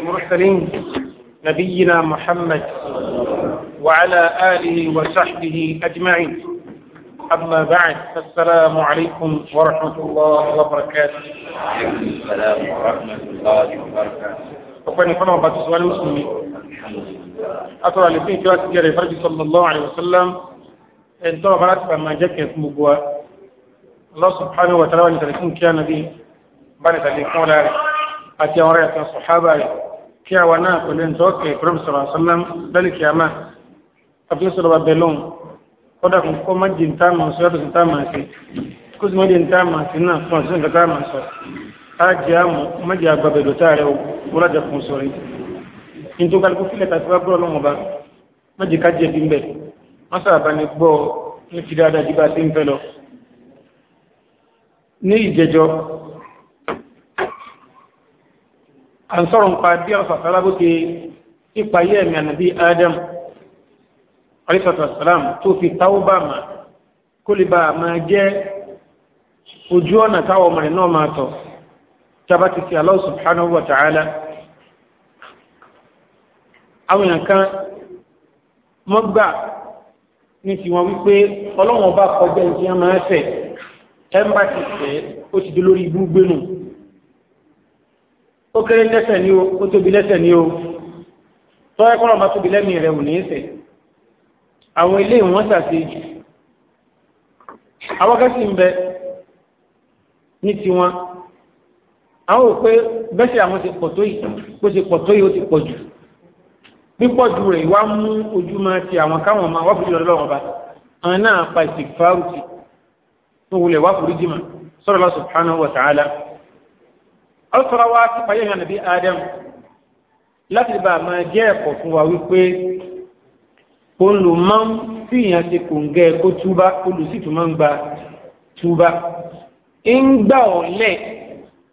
المرسلين نبينا محمد وعلى آله وصحبه أجمعين أما بعد فالسلام عليكم ورحمة الله وبركاته السلام ورحمة الله وبركاته أخواني فانا وبعد سؤال مسلمي أترى لفين كواتي جاري فرج صلى الله عليه وسلم انتوا ọ̀fà láti fàmà jẹ́ Allah subhanahu wa ta'ala ní tàbíkún kí a nàbí bá ní tàbíkún ọlá rẹ̀ àti àwọn rẹ̀ àtàwọn sọ̀hábà rẹ̀ kí a wà náà pẹ̀lú ìtọ́kẹ̀ pẹ̀lúmsọ̀rọ̀sọ́lám lẹ́lẹ̀kì àmà àfihànsọ̀rọ̀bà bẹ̀lọ́n kọ́dà kún kọ́ má jìn táàmà sí ọdún sí táàmà sí kó sì má jìn táàmà sí náà fún ọ̀sán ìgbà táàmà sọ á jẹ́ àmọ́ má jẹ́ àgbàbẹ̀dọ̀ táàrẹ wọ́lájà fún sọ̀rí nítorí kálukú sílẹ̀ tàbí wá gbọ́dọ̀ lọ́mọba má jẹ́ ká jẹ́ bí ń bẹ̀ má sábà ní gbọ́ ní fi dáadáa jí bá ti ń fẹ́ lọ ní ìjẹjọ́ a ń sọ́rọ̀ nípa bí ọ̀sàtàlá bó ti ipa yẹ́ ẹ̀mì ànàbí Adam alẹ́sàtàlám tó fi táwọ́bà mà kó lè bá máa jẹ́ ojú ọ̀nà táwọn ọmọ rẹ̀ náà máa tọ̀ tábà ti fi Allah subhanahu wa ta'ala àwọn èèyàn kan mọ́gbà ní tiwọn wípé ọlọ́wọ́n bá kọjá ìjìyàn máa ń fẹ̀ ẹ̀mbà ti tẹ̀ ó ti di lórí gbúgbé nù ó kéré lẹ́sẹ̀ ní o ó tóbi lẹ́sẹ̀ ni o tọ́ ẹ̀kọ́ ọ̀ma tóbi lẹ́mí rẹ̀ ò ní í sẹ̀ àwọn ilé ìwọ̀n ṣàṣe jù àwọn kẹ́sì ń bẹ ní tiwọn àwọn ò pé bẹ́sẹ̀ àwọn ti pọ̀ tó yìí bó ti pọ̀ tó yìí ó ti pọ̀ jù pípọ̀ jù rẹ̀ wá mú ojú máa ti àwọn káwọn máa wọ́n fi lọ́dọ̀ lọ́wọ́ bá àwọn náà pa ìsìnkú fáwùtì tó waa wá fúrí jìmọ̀ sọ̀rọ̀ subhanahu wa ta'ala ọ̀sọ̀rọ̀ wa ti payé adam láti bá a máa jẹ́ ẹ̀kọ́ wi kpe. wípé olùmọ̀ fìyàn ti kò ń ko tuba túbá olùsìtù máa ń gba túbá ń gbà ọ̀ lẹ̀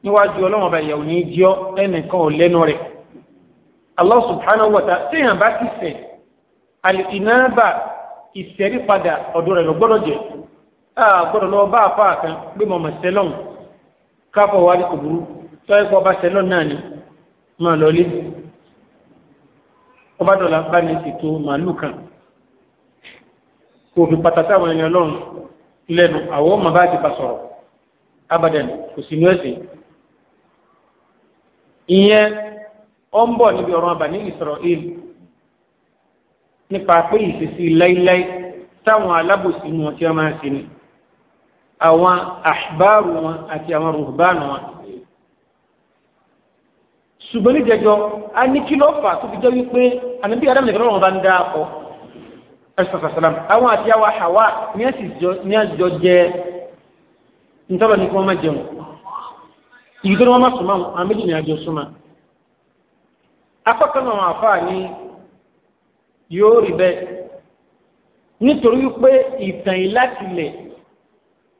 níwájú ọlọ́wọ́n ọba ìyàwó ní jọ́ ẹnìkan ò lẹ́nu rẹ̀ Allah subhanahu wa ta'ala ti ìsẹ̀rí padà rẹ̀ lọ gbọ́dọ̀ gbọ́dọ̀ lọ bá àfá kan pé mọ̀mọ̀ sẹ́lọ̀n káfọ̀ wá ní kòbúrú tọ́ẹ̀kọ́ bá sẹ́lọ̀n náà ni ma lọlé ọba dọ̀là bá ní ètò màálù kan kò fi pàtàkì àwọn ènìyàn lọ́rùn lẹ́nu àwọn ọmọ bá ti bá abadan kò sí ní ẹ̀sìn ìyẹn ọ ń bọ̀ níbi ọ̀rọ̀ àbà ní Israel nípa pé ìṣesí láíláí táwọn alábòsí wọn tí wọ́n máa ń ṣe àwọn àṣìbáàrù wọn àti àwọn rùhbánù wọn ṣùgbọ́n ní jẹjọ a ní kí ló fà tó fi jẹ́ wípé ànábí adam nìkan lọ́wọ́ bá ń dá ọ ẹ̀sọ̀sọ̀sọ̀lám àwọn àti àwọn ní jẹ ìtọ́lọ̀ ní kí wọ́n má jẹun ìlú tó ní wọ́n má àwọn méjì ní àjọ súnmọ́ akọ́kọ́ náà yóò rí bẹ́ẹ̀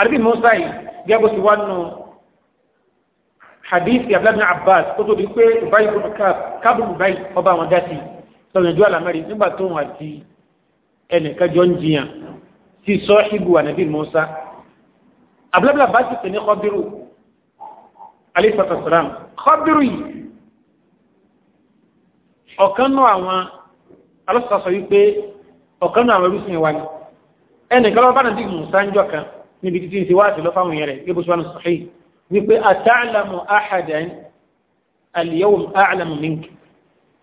àdébí musa yìí gẹ́gbó sí wánú hadith abdullahi abbas tó tóbi pé ìbáyìí bùnú kábùnú báyìí ọba àwọn dá sí sọ̀rọ̀ ìjọ àlámẹ́rin nígbà tó wọn àti ẹnìkan jọ ń jiyàn sí sọ́ọ́ṣìbù ànábì musa abdullahi abbas ti pè ní kọ́bírù alayhi salam kọ́bírù yìí ọ̀kan náà àwọn alọ́sọ̀sọ̀ wípé ọ̀kan náà àwọn ẹrú sí wa ni ẹnìkan bá nàbí musa ń jọ kan níbi títí ti wáàtí lọ fáwọn yẹrẹ gẹ́gẹ́ sọ́nà sọ̀hí wípé àtàlàmù àhàdàn àlìyáwó àlàmù mink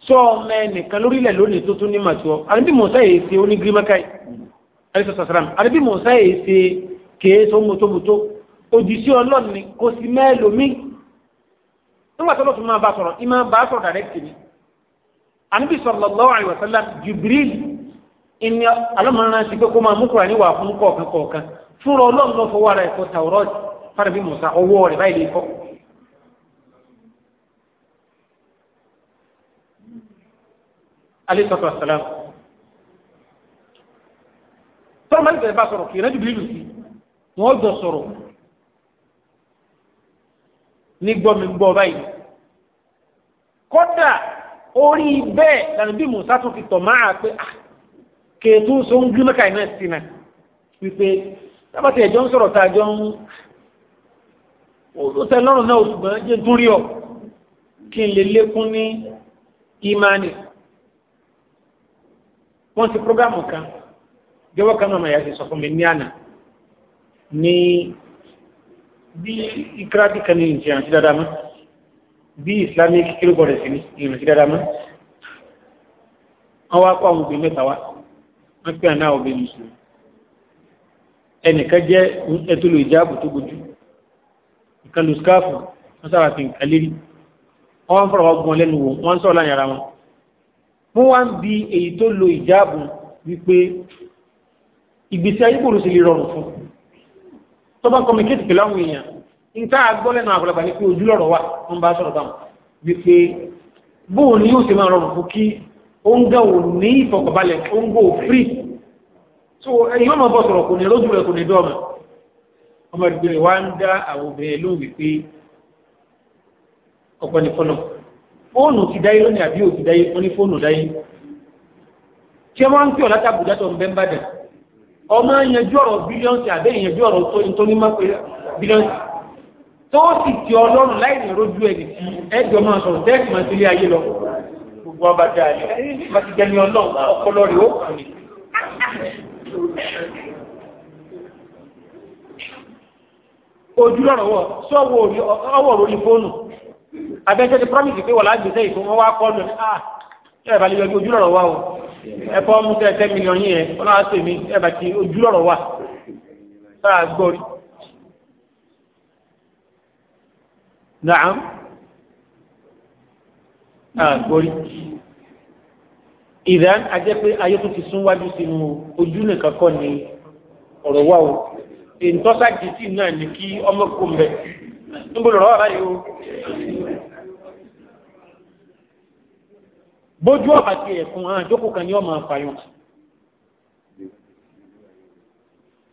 sọ ọmọ ẹnìkan lórílẹ̀ lónìí tó tún ní màtúọ àrùbí mọ̀ọ́sá yìí ṣe ó ní gírímákàì àrísọ̀sàsàràm àrùbí mọ̀ọ́sá yìí ṣe kèé tó mọ́tómọ́tó òjìṣẹ́ ọlọ́ni kò sí mẹ́lòmí nígbà tó lọ́tún máa bá sọ̀rọ̀ ìmọ̀ bá sọ̀rọ̀ dàrẹ́kìtì ni àníbi sallallahu alaihi wasallam Jibril ìní alọ́mọ̀ràn pé kó máa mú Kùránì wà fún kọ̀ọ̀kan kọ̀ọ̀kan fúnra ọlọ́run lọ fọwọ́ ara ẹ̀kọ́ tàwọ́rọ́ fárẹ́bí musa ọwọ́ rẹ̀ báyìí lè kọ́. alẹ́ sọ́tọ̀ àṣàlám. tọ́lá máa ń tẹ̀lé bá sọ̀rọ̀ kì í rẹ́jú bílílù sí wọ́n jọ sọ̀rọ̀ ní gbọ́ mi gbọ́ báyìí. kódà orí bẹ́ẹ̀ lànà bí musa tún fi tọ̀ máa pé ah, kèétú sọ ń gbé mẹ́ka iná náà wípé tábàtì ẹ̀jọ́ ń sọ̀rọ̀ tàjọ́ ń òtútẹ lọ́rùn náà ṣùgbọ́n jẹ́ dúrí ọ̀ kí n lè lékún ní ìmánì wọ́n ti prógámù kan jẹ́wọ́ kan náà yàtì sọ fún mi ní àná ní bí ìkírádì kan ní ìjìyàn sí dáadáa mọ́ bí islamic kílùbọ̀ rẹ̀ sí ní ìrìn sí dáadáa mọ́ wọ́n wá kó àwọn obìnrin mẹ́ta wá wọ́n pè àná obìnrin mùsùlùmí ẹnìkan jẹ́ ẹtùlù ìjáàbù tó gojú ìkàlù skáàfù wọ́n sára fi nǹkan lérí wọ́n fọ́rọ̀ ọgbọ̀n lẹ́nu wò wọ́n sọ̀rọ̀ láyìn ara wọn wọ́n wá ń bi èyí tó lo ìjáàbù wípé ìgbésí ayé bòrò sí lè rọrùn fún tó bá kọmikéètì pẹ̀lú èèyàn nǹkan àgbọ́ lẹ́nu àgbàlagbà ní pé ojú lọ́rọ̀ wà wọ́n bá sọ̀rọ̀ báwọn wípé bóun ni yóò ṣe máa rọrùn fún kí ó ń gà ò ní ìfọ̀kànbalẹ̀ ó ń gò free so ẹ̀yin ọmọ bọ́ sọ̀rọ̀ kò ní lójú rẹ̀ kò ní dọ́ọ̀mù ọmọ ìgbé rẹ̀ wá ń dá àwọn obìnrin lóhùn wípé ọ̀pọ̀ ní fọ́nà fóònù ti dáyé lónìí àbí òbí dáyé wọ́n ní fóònù dáyé tí ẹ máa ń kí ọ̀lá tàbùjá tó ń bẹ́ ń bàdàn ọmọ ìyẹnjú ọ̀rọ̀ bílíọ̀nsì àbẹ́ ìyẹnjú ọ̀rọ̀ tó ní má pé bílíọ̀nsì tó sì ti ọlọ́run láì ní rojú ẹni tí ẹjọ́ máa sọ̀rọ̀ tẹ́ẹ̀sì máa ti lé ayé lọ gbogbo ọba dáa ní bá ti ojú lọ́rọ̀ wọ̀ sọ ọwọ́ orí fóònù abẹ́jọ́ ti promise pé wọ́n lágbèsè ìfún wọn wá kọ́ọ̀lù ah ẹ̀ bá lè yọjú ojú lọ́rọ̀ o ẹ̀fọ́ mú tẹ́ ten million yìí ẹ̀ wọ́n náà sèmi ẹ̀ bá ti ojú lọ́rọ̀ wà ìdán ajẹ́ pé ayé tó ti sún wájú sí ojú nìkan kọ́ ni ọ̀rọ̀ wà o ìtọ́sá jìtì náà ni kí ọmọ kò mbẹ níbo lọ́rọ̀ wà báyìí o. bójú ọ̀bà ti ẹ̀kún hàn kan ní ọmọ àfàyàn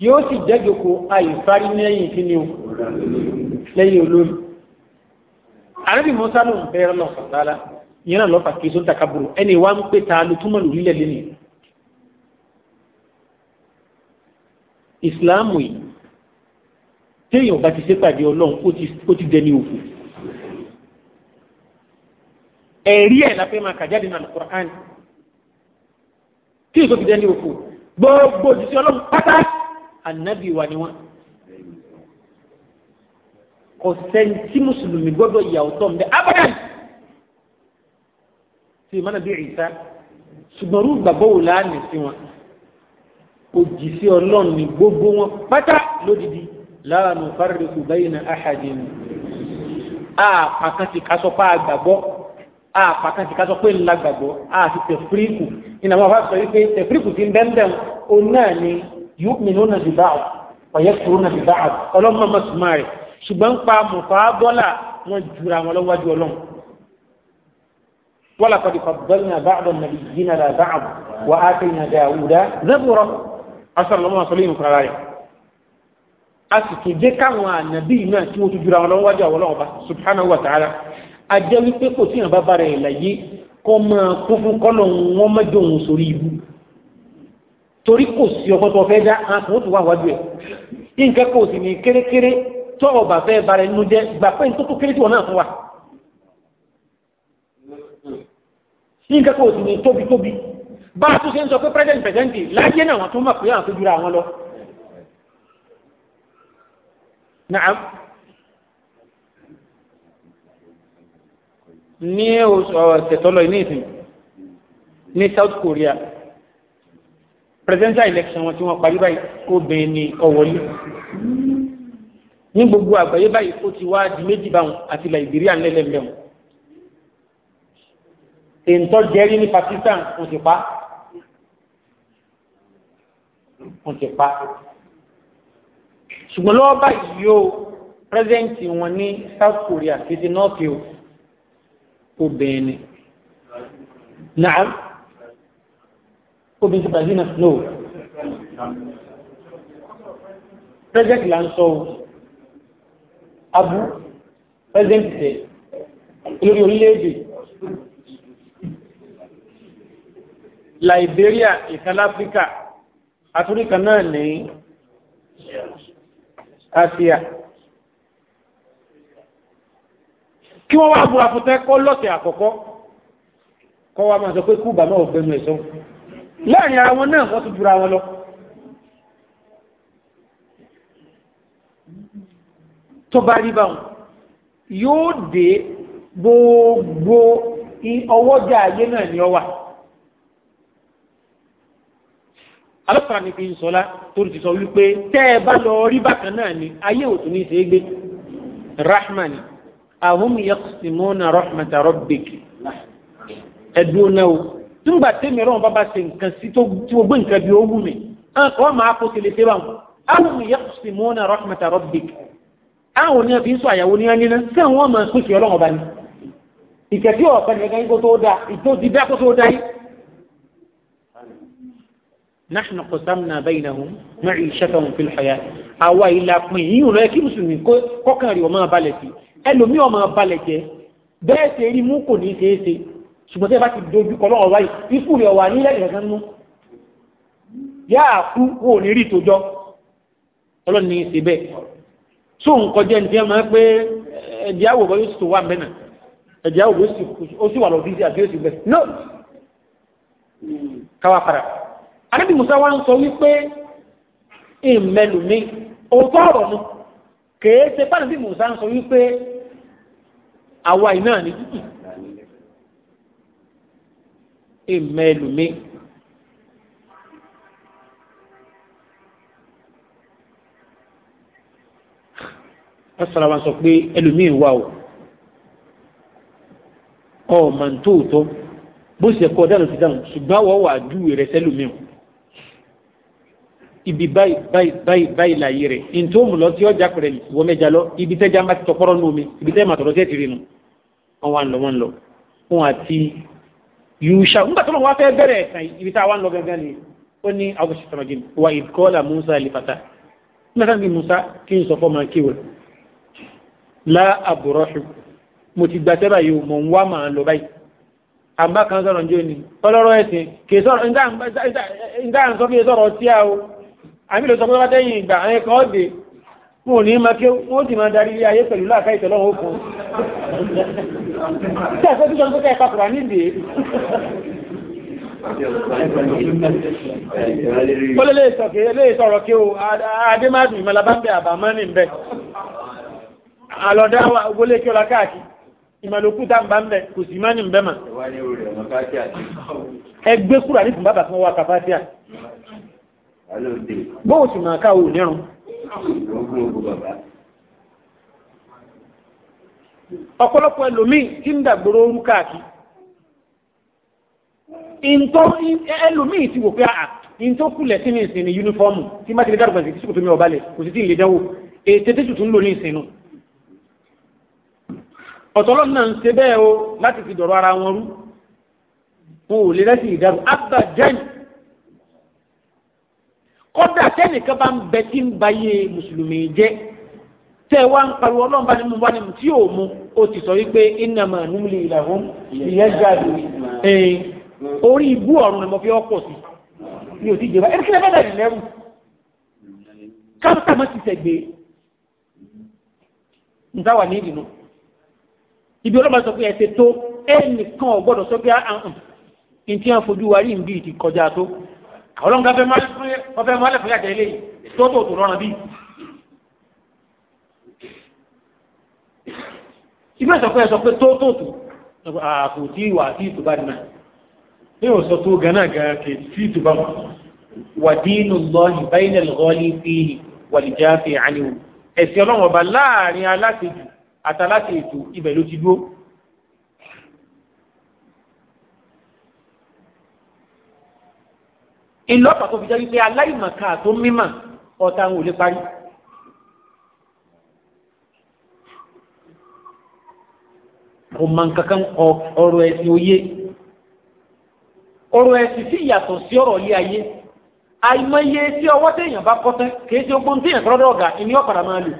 yóò sì jẹ́jòkó àìsáré lẹ́yìn kí ni o lẹ́yìn olómi àrẹ́bì mọ́sálùm bẹ́ẹ̀rẹ̀ lọ́sàn-án yẹn náà lọ́fà kí sóń takaburu ẹni wá ń pè ta ló túmọ̀ lórílẹ̀ lẹ́nu ìsìláàmù yìí téèyàn bá ti ṣèpàdé ọlọ́run ó ti dẹni òfò ẹ̀rí ẹ̀ la fẹ́ máa kà jáde nínú Al-Qur'an kí èso ti dẹni òfò gbogbo òjíṣẹ́ ọlọ́run pátá ànábì wà ni wọn kò sẹ́ni tí mùsùlùmí gbọ́dọ̀ yà ọ̀tọ̀ ń bẹ abẹ́rẹ́ sí ìmọ̀nà bí ìsá ṣùgbọ́n rú gbàgbọ́ wò láàánì sí wọn òjì sí ọlọ́run ní gbogbo wọn pátá lódìdí la nufarriqu bayna ahadin àpàkàn ti kásọ pa àgbàgbọ́ àpàkàn ti kásọ pé ńlá gbàgbọ́ àti tẹ̀fíríkù iná wọn fà sọ wípé tẹ̀fíríkù ti ń bẹ́ńbẹ́ o náà ni yu'minuna bi ba'd wa yakfuruna bi ba'd ọlọ́mọ mọ̀sùmáà rẹ̀ ṣùgbọ́n pa mọ̀fà bọ́là wọn jura wọn lọ́wọ́jú ọlọ́run ولقد فضلنا بعض النبيين على بعض وآتينا داود زبورا أسأل الله صليم في الآية أسكي جكا ونبي ما كيو تجرى ولا وجه ولا وبا سبحانه وتعالى أجل في قوتين بابار إلهي كما كفو كلو وما جون سريب torí kò sí ọkọ̀ tó fẹ́ dá àwọn tó wà wájú ẹ̀ nǹkan kò sì ní kérékéré tó ọba fẹ́ bara ẹnu jẹ gbà pé nítorí kéré tí wọn náà fún wa nǹkan kò sì ní tóbi tóbi bá a tún ṣe ń sọ pé present present láyé náà wọ́n tún mọ̀ pé àwọn tó jura wọn lọ. Naam. ní ọ̀sẹ̀ ní ìsìn ní South Korea presidential election wọn tí wọ́n parí báyìí kó bẹ̀ẹ́ ní ọ̀wọ́lé ní gbogbo àgbáyé báyìí ó ti wá di méjì báwọn àti Liberia ńlẹ́lẹ́mẹ́wọ̀n èntọ́ jẹ́rí ní Pakistan wọ́n ti pa wọ́n ti pa ṣùgbọ́n lọ́wọ́ báyìí yóò pírẹ́sẹ̀ǹtì wọn ní South Korea títí north yóò obìnrin ni náà obìnrin ti Brazil náà no pírẹ́sẹ̀ǹtì là ń sọ abú pírẹ́sẹ̀ǹtì tẹ̀ lórí orílẹ̀-èdè Liberia ìkan láfíríkà àtúríkà náà ní Asia kí wọ́n wá búra fún tẹ́kọ́ lọ́sẹ̀ àkọ́kọ́ kọ́ wá máa sọ pé kúbà náà fẹ́nu ẹ̀sọ́ láàrin ara wọn náà wọ́n tún jura wọn lọ tó bá rí báwọn yóò dé gbogbo ọwọ́jà ayé náà ni ọ wà alọ́kàrà ni fi ń sọlá tó ti sọ wípé tẹ́ ẹ bá lọ rí bákan náà ni ayé ò tún ní ṣe é gbé rahman ahum yaqsimuna rahmata rabbik ẹ̀dùn náà o nígbà tẹ́mi ọ̀rọ̀ bàbá ṣe nǹkan sí tó gbé nǹkan bí ó wù mí wọ́n máa kó tẹ̀lé tẹ́wà wọn ahum yaqsimuna rahmata rabbik àwọn oníyàn fi ń sọ àyàwó oníyàn nínú sí àwọn ọmọ ìpínlẹ̀ ọlọ́run ní ẹgbẹ́ yín kó tó dáa ìtó ti dá kó tó dáa نحن قسمنا بينهم معيشتهم في الحياة àwa ìlà pin yìí rẹ kí mùsùlùmí kọkàn rí ọmọ abalẹ̀ sí ẹlòmí ọmọ abalẹ̀ jẹ bẹ́ẹ̀ ṣe rí mú kò ní í ṣeé ṣe ṣùgbọ́n tẹ́ bá ti dojú kọ lọ́wọ́ wáyé ikú rẹ̀ wà nílẹ̀ ìrẹ̀kan mú yá àkú wò ní rí ìtòjọ́ ọlọ́ni ṣe bẹ́ẹ̀ tó nǹkan jẹ́ nìyẹn máa pé ẹ̀dí àwò bọ́ yóò sì wà mẹ́nà ẹ̀dí àwò ó sì wà lọ́fíìsì àdébì musa wa ń sọ wípé ìmẹlùmí òótọ́ ọ̀rọ̀ mu kèé ṣe pàdébì musa ń sọ wípé àwa iná ni ìmẹlùmí. asara wa sọ pé ẹlòmíín wà o ọ màá tó tó bó ṣe kọ dáná ti dáhùn ṣùgbọ́n àwọn wà á dúwèé rẹ sẹ́lòmíín ibi báyìí báyìí báyìí báyìí láyé rẹ̀ ntòmù lọ tí ọjà pẹ̀rẹ̀ wọ́n mẹ́jà lọ ibi tẹ́ jàmbá ti tọkọ́rọ́ nù omi ibi tẹ́ màtọ̀rọ̀ tẹ́ ti rí nu wọn wà ń wọn lọ wọn àti yusha nígbà tó lọ wá fẹ́ bẹ̀rẹ̀ ẹ̀sán ibi tá a wà ń lọ gángan ni ó ní àwọn ṣe sọ̀rọ̀ wa ìkọ́là musa lifata nígbà tí musa kí n sọ fọ́ máa kéwòn la àbúrọ̀ṣù mo ti gbàtẹ́ báyìí mò ń wá màá lọ báyìí àbá kan sọ̀rọ̀ njó ni ọlọ́rọ̀ ẹ̀sìn kì í sọ̀rọ̀ nígbà ń sọ fún yẹn sọ̀rọ̀ tí a àmì lọ sọpọ̀ látẹ́yìn ìgbà àwọn ẹ̀kọ́ ọ̀dẹ̀ wọn ò ní máa kí wọ́n ti máa darí ilé ayé pẹ̀lú láàká ìtọ́lọ́wọ́ òkun tí àṣẹ tí sọ́nà pẹ́kẹ́ ìpapòrà nídìí ó lè lè sọ̀rọ̀ kí o adémádùn ìmọ̀lábámbẹ̀ àbámọ́nì ń bẹ̀ àlọ́dá ogólé kí ọlá káàkiri ìmọ̀lòkúta ń bá ń bẹ̀ kò sì máa ní ń bẹ́ mà ẹgbẹ́ kúrà ní fún bàbá fún wa kàfáàtíà bóò sì máa káwò nírun ọ̀pọ̀lọpọ̀ ẹlòmíì tí ń dàgbòrò orú káàkiri ìntọ́ ẹlòmíì ti wò pé àà ìntọ́ kùlẹ̀ sí ní ìsìn ní yúnífọ́ọ̀mù tí má ti lè dárùkọ̀ sí kò tó mi ọ̀bálẹ̀ kò sí tí ìlé dánwò ètè tẹ́tù tún lò ní ìsìn ọ̀tọ̀lọ́ náà ń ṣe bẹ́ẹ̀ o láti fi dọ̀rọ̀ ara wọn rú wọn ò lè rẹ́sì ìdárò kódà sẹ́nìkan bá ń bẹ tí ń ba yé mùsùlùmí jẹ́ tẹ́ wá ń pariwo ọlọ́run bá ní mu bá ní mu tí yóò mu ó ti sọ wípé innama numli lahum liyazdaadu orí ibú ọ̀run ni mo fi ọ́ pọ̀ sí ní òtí ìjẹba ẹni kí lè bẹ́ẹ̀ lẹ́rù káàkiri ti sẹ̀gbẹ́ ntáwà ní ìdùnnú ibi ọlọ́pàá sọ pé ẹ ti tó ẹnìkan ò sọ pé àhùn ah, ah, ah. ní fojú wa rí ìbí ti tó ọlọ́run ká fẹ́ máa lẹ́fọ́ yàtọ̀ eléyìí tó tó tó lọ́rùn bíi. ibi ẹ̀sọ̀ pé ẹ̀sọ̀ pé tó tó tó ààkù tí wà tí ìtùbá dìmá ní òsọ tó gánà gánà kè tí ìtùbá wà dínú lọ́hì báyìí lọ́lì fíhì wà lè jáfẹ́ àníwò ẹ̀sìn ọlọ́run ọba láàrin aláṣejù àtàláṣejù ibẹ̀ ló ti dúró ìlọ́pàá tó fi jẹ́ wípé aláìmọ̀ká tó mímọ̀ ọ̀tá ń wòlé parí. kò mọ nǹkankan ọ̀rọ̀ ẹ̀sìn òye ọ̀rọ̀ ẹ̀sìn sí ìyàtọ̀ sí ọ̀rọ̀ ilé ayé àìmọye tí ọwọ́ téèyàn bá kọ́tẹ́ kìí ṣe ogun téèyàn kọ́lọ́dọ̀ ọ̀gá ìní ọ̀pàdà máa lò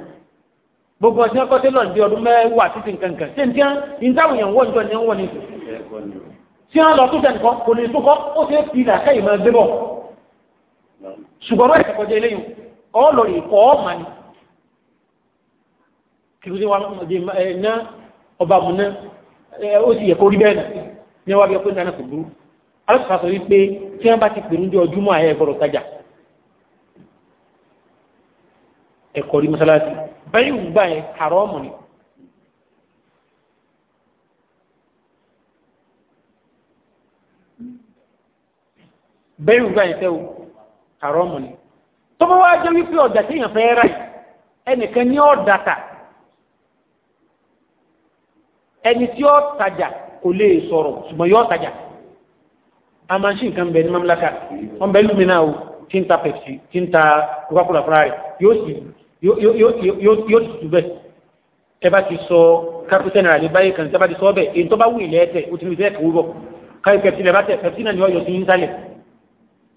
gbogbo ọ̀sìn ọkọ́tẹ́ lọ ní ọdún mẹ́wàá títí nǹkankan ṣé ní tí èèyàn wọ́n jọ ní wọ́n ní tí wọ́n lọ tó tẹ̀ nǹkan kò ní tó ó ṣe é fi ìdàkẹ́ ìmọ̀ ẹgbẹ́ bọ̀ ṣùgbọ́n ẹ̀sẹ̀ kọjá eléyìí ọ lọ rí ikọ̀ ọ̀mà ni kìrìsì wa ná ọba mu ná ó sì yẹ kó rí bẹ́ẹ̀ nà ní wàá bí ọkùnrin dáná kò burú alásùfà sọ wípé tí wọ́n bá ti pè ní ọjọ́mọ́ ayé ẹ̀gbọ́dọ̀ tajà ẹ̀kọ́ rí mọ́sálásí báyìí wù gbà yẹn kàrọ́ ọ̀mù ni. bẹ́ẹ̀ wù gbà yẹn tẹ́ o haramu ni tó bá wá jẹ́ wípé ọjà tí èèyàn fẹ́ rà yìí ẹnìkan ní ọ̀dà tà ẹni tí ó tajà kò lè sọ̀rọ̀ ṣùgbọ́n yóò tajà a máa ń ṣe nǹkan bẹ ní mamlaka wọn bẹ lùmí náà o tí ń ta pepsi tí ń ta coca-cola fúnra rẹ yóò sì yóò tutù bẹ ẹ bá ti sọ kápẹ́tẹ́ náírà ní báyìí kan tí a bá ti sọ bẹ èyí tó bá wù ilẹ̀ ẹ̀tẹ̀ o ti ní ìfẹ́ kò wúbọ̀ káyọ̀ pepsi lẹ̀ bá tẹ̀ pepsi náà ni ọ̀yọ́ ti ń sálẹ̀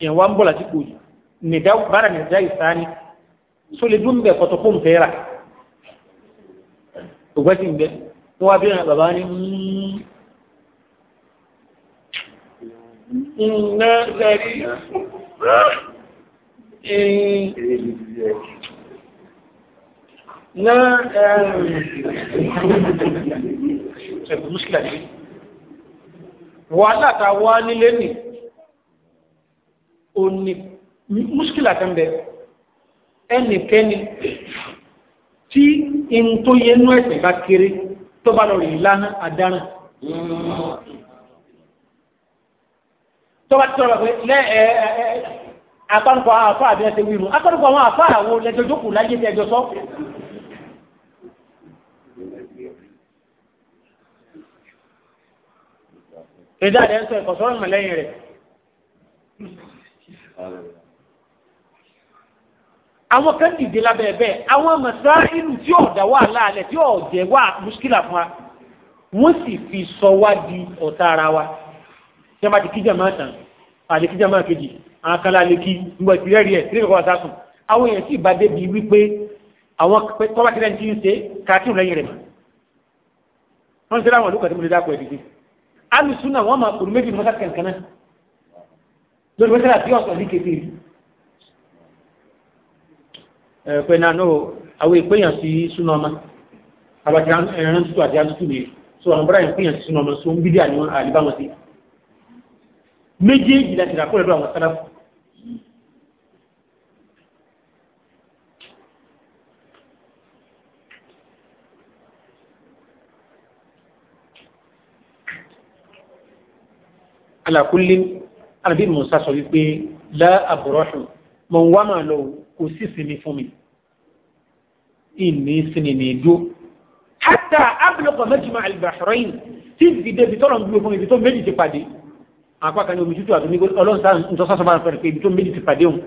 ìyẹn wa ń bọ̀ lásìkò yìí nìdáwó bára nìdá ìsáni tó lè dún bẹ̀ kọ́tọ̀ fún fẹ́ra ògbẹ́ sì ń bẹ́ tó wá bíra bàbá ní ǹnà lẹ́rí ǹnà ẹ̀rùn mùsùlùmí wàhálà ta wá nílé nì ó múṣkìlà kan bẹ ẹnikẹ́ni tí in tó yẹ nú ẹ̀sẹ̀ bá kéré tó bá lọ rí lánà àdáràn tó bá ti sọ̀rọ̀ pé lẹ́ àpárùkọ̀ àfá àbí ẹsẹ̀ wíru àpárùkọ̀ àwọn àfá àwọn lẹ́jọ́ jókòó láyé tí ẹjọ́ sọ ìdáàdẹ́ ń sọ ẹ̀kọ́ sọ́rọ̀ mọ̀ lẹ́yìn àwọn kan dìde lábẹ́ ẹ̀bẹ́ àwọn mọ̀sá ìlú tí ọ̀dà wà láàlẹ̀ tí ọ̀jẹ̀ wà mùsùkìlà fún wa wọ́n sì fi sọ wá di ọ̀tá ara wa tí wọ́n bá ti kíjà máa tàn àti kíjà máa kejì àwọn kan láàlẹ̀ kí gbogbo ìpìlẹ̀ rí ẹ̀ tí wọ́n sá sùn àwọn èèyàn sì bá débi wípé àwọn tọ́wọ́ kílẹ̀ ti ń ṣe kàtún lẹ́yìn rẹ̀ wọ́n ń ṣe olùkọ́ tí mo lè dákọ̀ ẹ̀dìdì alùsùn náà wọ́n máa kùrù méjì mọ́sá kẹ̀kẹ́ náà lórí mọ́sá pé náà náà àwọn ìpéyàn sí súnà ọmọ àbàtì ẹran tútù àti àtútù rèé so àwọn bọ́dà ìpéyàn sí súnà ọmọ so ń bídí àníwọ̀n àlìbá wọn sí méjèèjì láti rà kúrẹ́dọ̀ àwọn sálàfù ala kulli ànábì Mùsá sọ wípé la abrahu mọ̀ ń wá màá lọ kò sí sinmi fún mi ìní sinmi ní ìdó hátà abúlọ̀kọ̀ mẹ́jìmọ̀ alìbàṣọ́rọ́yìn tí ti débi tọ́lọ̀ ń gbé fún ibi tó méjì ti pàdé àpá kan ní omi tútù àti omi ọlọ́run sáà ń tọ́ sọ́sọ́ bá ń fẹ́rẹ̀ pé ibi tó méjì ti pàdé òun.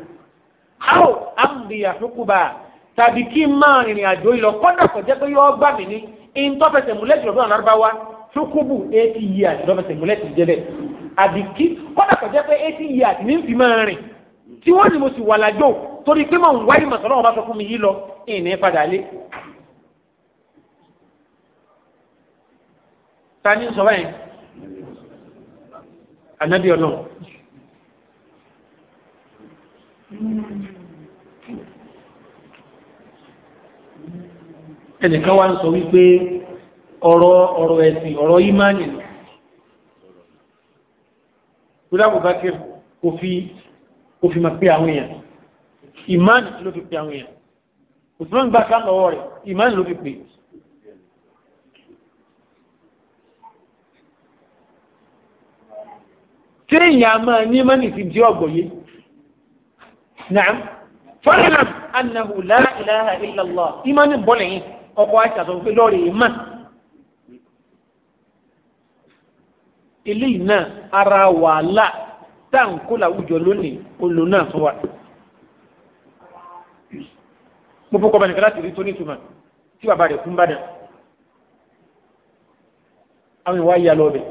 áwò àmì àfúkúbà tàbí kí n máa rìnrìn àjò ìlọ kọ́dà kò jẹ́ pé yọ́ gbà mí ní ìntọ́fẹsẹ̀ múlẹ̀ jùlọ bí fúkúbù eighty years lọ́fẹsẹ̀ múlẹ̀ ti jẹ́ bẹ́ẹ̀ àbí kí kọ́dà kò jẹ́ pé eighty years ní fi máa rìn tí wọ́n ní mo sì wà lájò torí pé mò ń wáyé màsán ọba sọ fún mi yìí lọ ìní padà lé. ta ni sọ báyìí anabi Ọlọ́run. ẹnìkan wá ń sọ wípé ọ̀rọ̀ ọ̀rọ̀ ẹ̀sìn ọ̀rọ̀ ìmánì ni. Gbúdàbùbákẹ́ kò fi kò fi ma pé àwọn èèyàn ìmáàni ló fi pé àwọn èèyàn Usman gba ká lọ́wọ́ rẹ̀ ìmáàni ló fi pè tí èèyàn máa ní mọ́nì ti di ọ̀gbọ̀yé náà fọ́nà annahu la ilaha illa Allah ìmáàni bọ́lẹ̀ ọkọ̀ àti àtọ̀ pé lọ́rẹ̀ ìmá eléyìí náà ara wàhálà táǹkó làwùjọ lónìí olò náà fún wa mo fọkọ bá nìkan láti rí tó nítumọ̀ tí bàbá rẹ̀ kú ń bàdàn àwọn ìwà yà lọ́ọ̀bẹ̀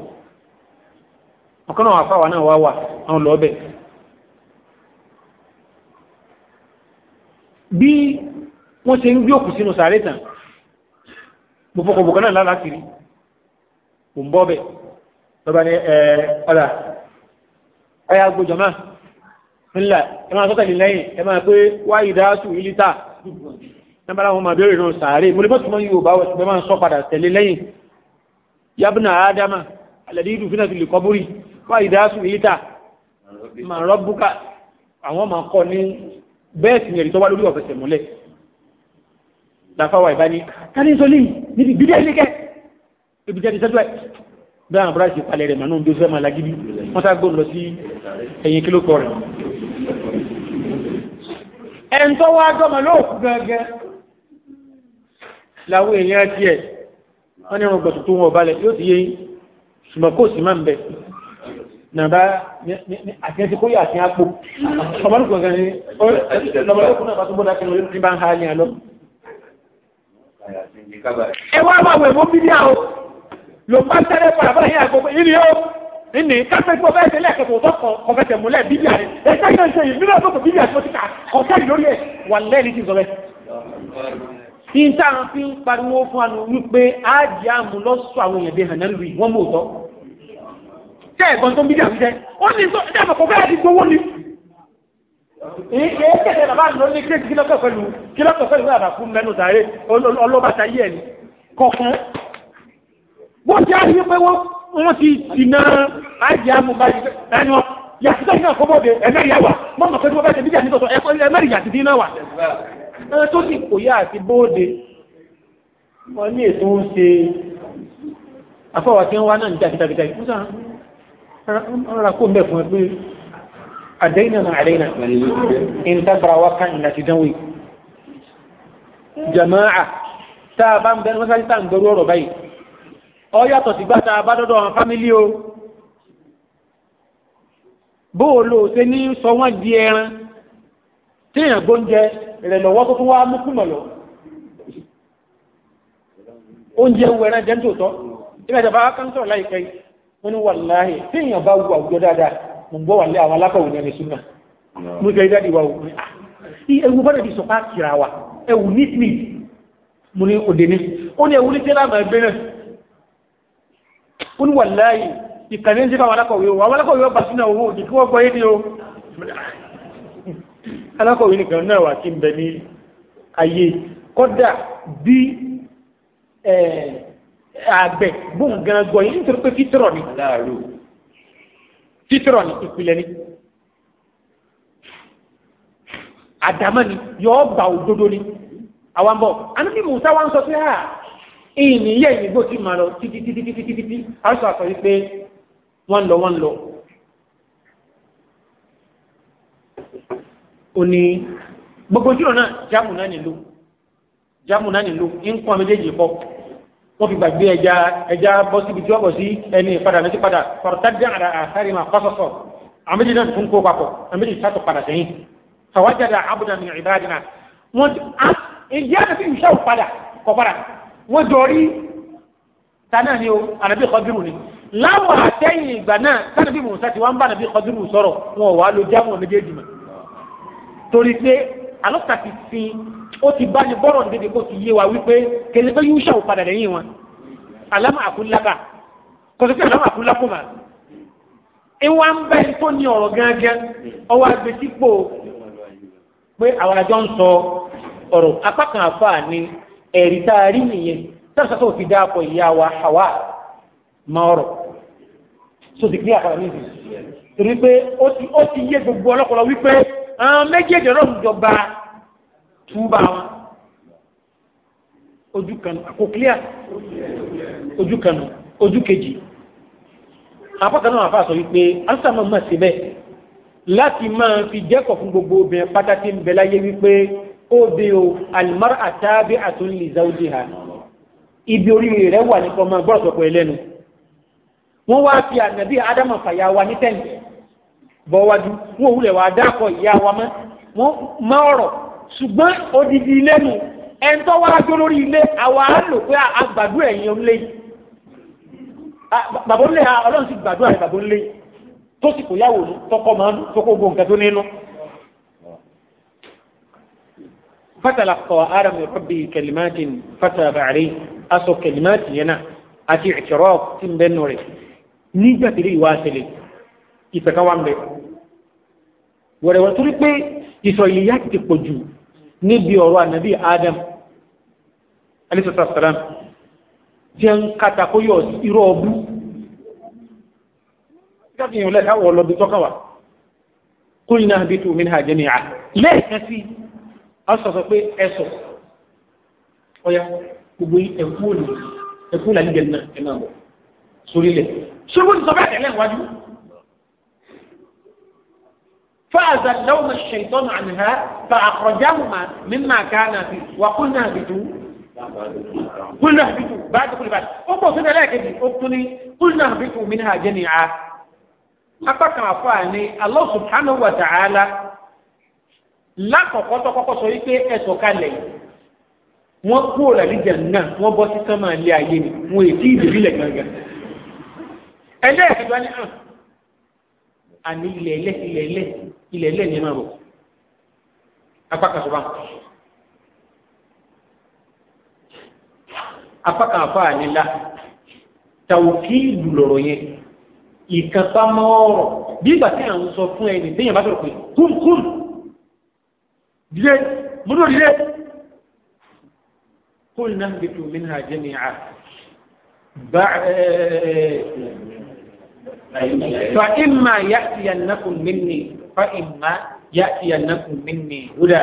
ọ̀kan náà wà fáwọn náà wà wà àwọn lọ́ọ̀bẹ̀ bí wọ́n ṣe ń gbé òkú sínú sàárè tán mo fọkọ bùkọ́ náà lára kiri mo ń bọ́ bẹ̀ lọ́ba ní ẹ̀ ọ̀dà ọ̀yà gbọ́jọ́ máa ńlá ẹ máa sọ́tẹ̀lì lẹ́yìn ẹ máa pé wá ìdásù ìlítà nígbàlá wọn máa bèèrè náà sàárè mo lè bọ́ túnmọ́ yóò bá wọ́n ṣùgbọ́n máa ń sọ padà tẹ̀lé lẹ́yìn yabna adama alẹ́dí ìdù fínà fìlì kọ́búrì wá ìdásù ìlítà máa rọ́bùkà àwọn máa kọ́ ní bẹ́ẹ̀ sì yẹ̀rì tó wá lórí ọ̀fẹ́sẹ̀ mọ́lẹ̀ láfáwà ìbá ní kánísọ́lì níbi bídẹ́ bí àwọn bíráṣì palẹ̀ rẹ̀ mànú bí ó fẹ́ máa lagidi wọ́n sá gbóòn lọ sí ẹ̀yìn kí ló kọ rẹ̀ ẹn tó wá gọ́mọ ló kú gẹ́gẹ́ láwọn èèyàn ti ẹ̀ wọ́n ní ọmọ gbọ̀tù tó wọ́n balẹ̀ yóò ti yé ṣùgbọ́n kó sì máa ń bẹ̀ nàbá àtẹ́sí kó yà sí àpò ọmọlùkùn kan ní ọmọlùkùn náà bá tó bọ́dá kí ló ti bá ń ha ní àlọ́ ẹwà àwọn ẹ̀mọ́ bídíà o ló bá sẹ́rẹ́ padà bá yẹn àgbọ̀ ìní ó ìní kápẹ́ tó bẹ́ẹ̀ tẹ́lẹ̀ kẹ̀kọ́ tó kọ̀ ọ̀fẹ́sẹ̀ múlẹ̀ bíbí àrẹ ẹ̀ka yẹn ṣe ìlú náà tó kọ̀ bíbí àti mọ́tíkà ọ̀kẹ́ ìlórí ẹ̀ wà lẹ́ẹ̀lì ti sọ̀rẹ́. kí n táwọn fi ń pariwo fún wa wípé ájì àmú lọ sọ àwọn èèyàn bí hànẹ́rì wọ́n mú òótọ́. tẹ́ ẹ̀gbọ́n tó ń bíbí àwùjẹ ó ní sọ ẹ̀dá àmọ̀kọ́ bẹ́ẹ̀ ti gbowó ni. ìkéèké bàbá bó ṣe àríyé pé wọ́n ti dìnà àìjẹ́ amúbáyé ẹni wọn yàtúntà iná kọ́bọ̀dé ẹ̀mẹ́rìyà wà mọ́mọ́ pẹ̀lú ọbẹ̀ tẹ̀bíjà ní tọ́tọ̀ ẹ̀kọ́ ẹ̀mẹ́rìyà ti dínà wà ẹ̀rẹ́ tó sì kò yá àti bóòdé wọ́n ní ètò ń ṣe afọ́wà tí wọ́n náà ń jà kìtàkìtà ìpúsà ọ̀rọ̀ kó mẹ́ fún ẹgbẹ́ àdẹ́nà náà àdẹ́nà in tabrawa kan ìlà ti dánwì jama'a tá a bá ń bẹ̀rẹ̀ ọ yàtọ̀ sí gbàtà bá dọ́dọ̀ àwọn fámílì o bóòlò ṣe ní sọ wọ́n di ẹran tí èèyàn gbóúnjẹ rẹ̀ lọ́wọ́ tó fún wa mú kùmọ̀ lọ oúnjẹ wo ẹran jẹ́ ń tòótọ́ nígbà tí a bá kán sọ̀rọ̀ láìpẹ́ wọn ni wàláhì tí èèyàn bá wu àwùjọ dáadáa mo ń gbọ́ wàlẹ́ àwọn alákọ̀wé ní ẹni súnmọ́ mo jẹ́ ìdádì wa o ah, ewu bọ́dọ̀ ti sọ̀pá kìra wa ewu ní ìpínlẹ̀ mo ní òde ní ó ní ewu ní tẹ́lá àmà ẹgbẹ́ náà fún wàláyì ìkànnì wala jíkà wọn alákọ̀wé o àwọn alákọ̀wé ọba sínú owó òdì kí wọ́n gbọ́ yéde o alákọ̀wé nìkan náà wà kí n bẹ ní ayé kọ́dà bí àgbẹ̀ gbóǹgàn gbọ́ yìí nítorí pé fítírọ̀ ni fítírọ̀ ni ìpìlẹ̀ ni àdámọ́ ni yọ̀ọ́ gbà òdodo ni àwọn bọ̀ Musa wa ń sọ pé ah, ìníyẹ ìgbó tí ma lọ títí títí títí títí títí aṣọ àṣọ wípé wọ́n lọ wọ́n lọ ó ní gbogbo jùlọ náà jámù náà nílò jámù náà nílò ń pọn méjèèjì pọ̀ wọ́n fi gbàgbé ẹja ẹja bọ́ síbi tí wọ́n bọ̀ sí ẹni ìpadà méjì padà fọ̀rọ̀tàdé àrà àkárí máa kọ́sọ̀sọ̀ àméjì náà tún kó papọ̀ àméjì sátọ̀ padà sẹ́yìn fàwájáde àbúdà ní ìbáradì náà wọ́n ti ah, á ìdí àti ìṣẹ́ òpadà kọ̀ padà wọ́n jọ rí tánà ni o ànàbí Khadiru ni láwọn àtẹ́yìn ìgbà náà tánàbí Musa ti wá ń bá ànàbí Khadiru sọ̀rọ̀ wọn ò wá lo jámọ̀ méjèèjì mọ́ torí pé alọ́ta ti fi ó ti bá ní bọ́rọ̀ nídéédé kó ti yé wa wípé kele pé yóò ṣàwò padà lẹ́yìn wọn alámà àkúlábà kò alámà àkúlábà ìwà ń bẹ́ẹ̀ tó ní ọ̀rọ̀ gángan ọwọ́ agbésípò pé àwọn àjọ ń sọ ọ̀rọ̀ apá kan ni ẹ̀rí tá a rí nìyẹn sábà tó fi dáàpọ̀ ìyá wa Hawa mọ́ọ̀rọ̀ so ti clear àkàrà níbi torí pé ó ti ó ti yé gbogbo ọlọ́pọlọ wípé àwọn méjèèjì ọlọ́run jọba túbà wọn ojú kan kò clear ojú kan ojú kejì apákan àfa sọ wípé ansa máa ma ṣe bẹ́ẹ̀ láti máa fi jẹ́kọ̀ fún gbogbo obìnrin pátá tí ń bẹ láyé wípé obìnrin almar àtàbí àtúnlì zaujiha ibi oríire rẹ̀ wà nípa ọmọ gbọ́rọ̀ sọ̀pọ̀ ẹlẹ́nu wọ́n wá fi ànàbí adama fàyà wa ní tẹ́ǹtì bọ́wájú wọ́n dákọ̀ ìyá wa mọ́ wọ́n mọ́ ọ̀rọ̀ ṣùgbọ́n odidi ilé nu ẹni wá jó lórí ilé àwa á lò pé àgbàdo ẹ̀yìn onílé bàbá ọlọ́run sì gbàdúrà rẹ̀ bàbá tó sì kò yáwò tọkọ فتلقى آدم من ربه كلمات فتاب عليه أسو كلمات ينا أتي اعتراف تنبن وري نيجة لي واسلي ìfẹ̀kánwàm rẹ̀ wẹ̀rẹ̀wẹ̀ torí pé ìsọ̀yìyà ti pọ̀ jù níbi ọ̀rọ̀ ànàbí Adam alisatasalam jẹ́ ń kàtàkó yọ irọ́ ọbú jáfihàn lẹ́ka wọ̀ lọ́dún tọ́kàwà kúlìnà bí tùmí ní àjẹ́mìà lẹ́ẹ̀kan sí ọsọ sọ pé ẹsọ ọya gbogbo ẹkú òní ẹkú làní jẹ náà ẹ máa bọ sórí ilẹ̀ ṣùgbọ́n sọ bẹ́ẹ̀ tẹ́lẹ̀ wájú. فأزلهم الشيطان عنها فأخرجهما مما كان فيه وقلنا اهبطوا قلنا اهبطوا بعد كل بعد أبو سنة لا كذي أبتني قلنا اهبطوا منها جميعا أبقى فاني الله سبحانه وتعالى lákọ̀ọ́kọ́ tó kọ́kọ́ sọ wípé ẹ̀sọ̀ kalẹ̀ wọ́n kú òlàlíjà náà wọ́n bọ́ sí sánmà ilé ayé ni wọ́n èdè ìdílé gangan ẹlẹ́ ẹ̀dọ́ ni hàn ah, àní ilẹ̀ ẹlẹ́ ilẹ̀ ẹlẹ́ ilẹ̀ ẹlẹ́ ni ẹ máa bọ̀ apákàtúbà apákàfà nílá tàwùkí ìlú lọ̀rọ̀ yẹn ìkàpámọ́ ọ̀rọ̀ bí ìgbà tí à ń sọ fún ẹni lẹ́yìn bá sọ̀rọ̀ pé kúrúkúrú dìde múlò dìde kúl náà منها gbẹ̀tù mí فإما jẹ́ mi à bá fa imma ya'tiyannakum minni fa imma ya'tiyannakum minni huda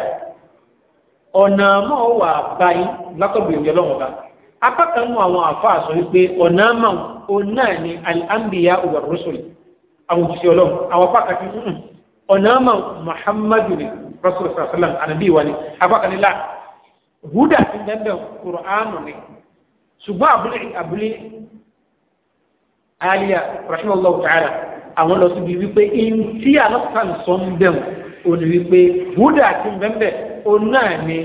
ọ̀nà mọ́ wà báyìí lákọ̀bí òjò lọ́wọ́ bá apá kan mú àwọn àfáà sọ wípé ọ̀nà mọ́ ọ̀nà ni al-anbiya àwọn òṣìṣẹ́ ọlọ́run àwọn apá kan ti ọ̀nà mọ́ muhammadu ni rasul sallam anabi wa ni agbákanni la huda ti bẹ́ẹ̀ kur'anu ni ṣùgbọ́n abúlé abúlé aliya rahimallahu ta'ala àwọn lọ síbi wípé ntí alọ́sàn sọ ń bẹ̀rù òní wípé huda ti bẹ́ẹ̀ ọ̀nà ni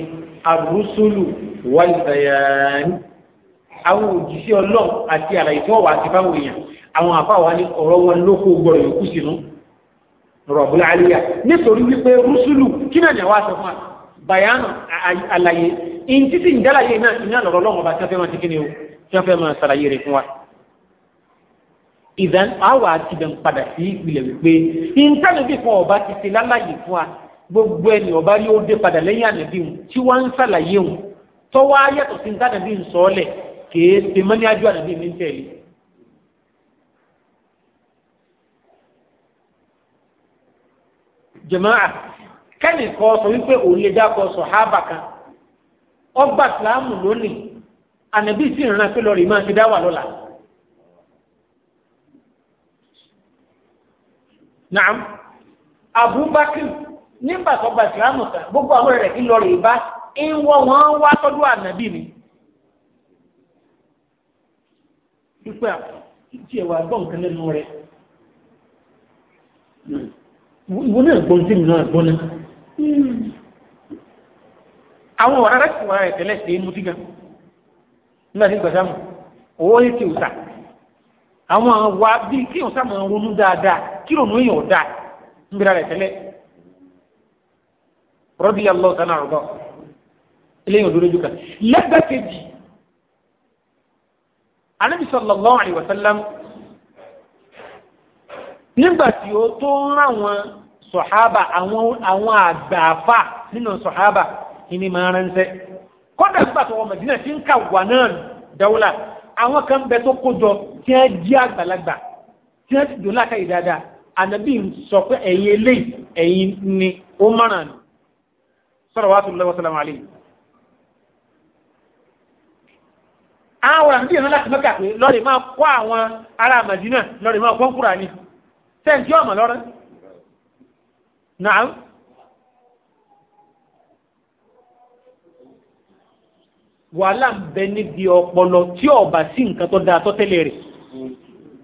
arusulu wàlùbẹ̀yàn àwọn òjíṣẹ́ ọlọ́run àti àlàyé tí wọ́n wà á ti fáwọn èèyàn àwọn àfáwọn ọ̀rọ̀ wọn lóko gbọ́dọ̀ yòókù sínú rọ̀bùlá aliyah nítorí wípé rúsùlù kí náà ni àwọn aṣọ fún bayanu àlàyé in títí ìdálàyé náà iná lọ̀rọ̀ lọ́wọ́ bá tí máa ti kíni o tí wọ́n máa ṣàlàyé rẹ̀ fún wa ìdán àwọn àti ìdán padà sí ìpìlẹ̀ wípé ìntánibí kan ọba ti ṣe lálàyé fún wa gbogbo ẹni ọba yóò dé padà lẹ́yìn ànàbí wọn tí wọ́n ń ṣàlàyé wọn tọ́wọ́ ayẹ́tọ̀ sí ìntánibí ń sọ ọ́lẹ̀ kèé jàmáà kẹ́nì kan sọ wípé òun lè ha sọ̀hábà kan ọgbà sàlámù lónìí ànàbí sì ń rán pé lọ́ọ̀rì máa ti dá wà lọ́la. naam abubakar nígbà tó gba kan gbogbo àwọn rẹ̀ kí lọ́ọ̀rì bá ń wọ́ wọ́n wá tọ́jú ànàbí mi. lẹ́nu ìwọ náà gbọ́n tí mi náà gbọ́n náà àwọn ọ̀rá láti wọ́n rẹ̀ tẹ́lẹ̀ sí mú dígá nígbà tí gbà sáàmù owó ní kí òsà àwọn wa bí kí òsà máa ronú dáadáa kí ronú èèyàn ọ̀dà ń bira rẹ̀ tẹ́lẹ̀ rọ́bì yàlọ́ sánà rọ̀bọ̀ eléyìn òdòdó jù kan lẹ́gbẹ̀ẹ́ kejì anábì sallallahu alaihi wasallam nígbàtí ó tó ń ráwọn sọ̀hábà àwọn àgbààfà nínú sọ̀hábà ìní máa ránṣẹ́ kọ́dà nígbà tó wọ Mẹ̀dínà tí ń kà wà náà dáwọ́là àwọn kan bẹ tó kójọ tí wọ́n jí àgbàlagbà tí wọ́n ti dùn lákàyè dáadáa ànábì ń sọ pé ẹ̀yin eléyìí ẹ̀yin ni ó mọ̀ràn nù salawatullahi wa salamu alayhi. àwọn àmì sẹ́ǹtì ọmọ lọ́rẹ́ náà wàhálà ń bẹ níbi ọpọlọ tí ọba sí nǹkan tó dáa tó tẹ́lẹ̀ rẹ̀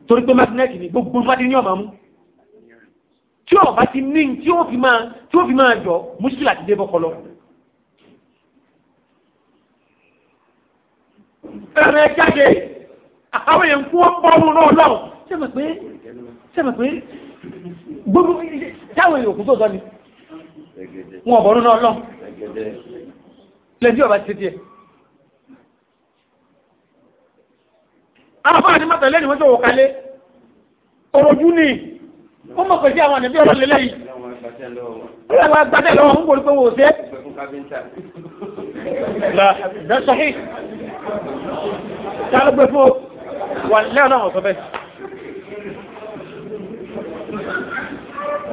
torí pé mágínẹ́tì ni gbogbo fádé ní ọmọ mú tí ọba ti ní tí ó fi máa tí ó fi máa jọ mùsùlùmí àti dé bọ́kọlọ. ẹ̀rẹ̀ jáde àwọn èèyàn kú ọ́ bọ́ọ̀rù náà lọ́wọ́ ṣé pé sẹ́mọ̀ pé gbogbo táwọn èèyàn òkú tó tọ́ ni wọn ọ̀bọ̀n náà lọ lẹ́dí ọba ti tiẹ̀. àwọn àti mọ́tò lẹ́nu wọ́n tó wò kalẹ̀ òròjú ni ó mọ̀ pé sí àwọn àti bí ọlọ́ lélẹ́ yìí. ó yà wá gbàtẹ́ lọ́wọ́ ń borí pé wò ó sẹ́. lọ́sọ̀hí tá ló gbé fún o wà lẹ́yìn náà wọ́n sọ bẹ́ẹ̀.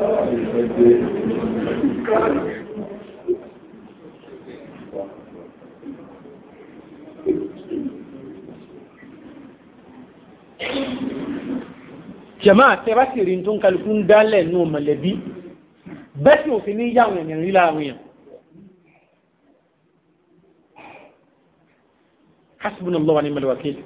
jẹ̀má tẹ́bá sì rí tó ń kalùkú ń dálẹ̀ ní ọmọlẹ̀bí bẹ́ẹ̀ sì òfin ní yàwọn ènìyàn rí láàrin yàn hasbunallahu wa ni'mal wakeel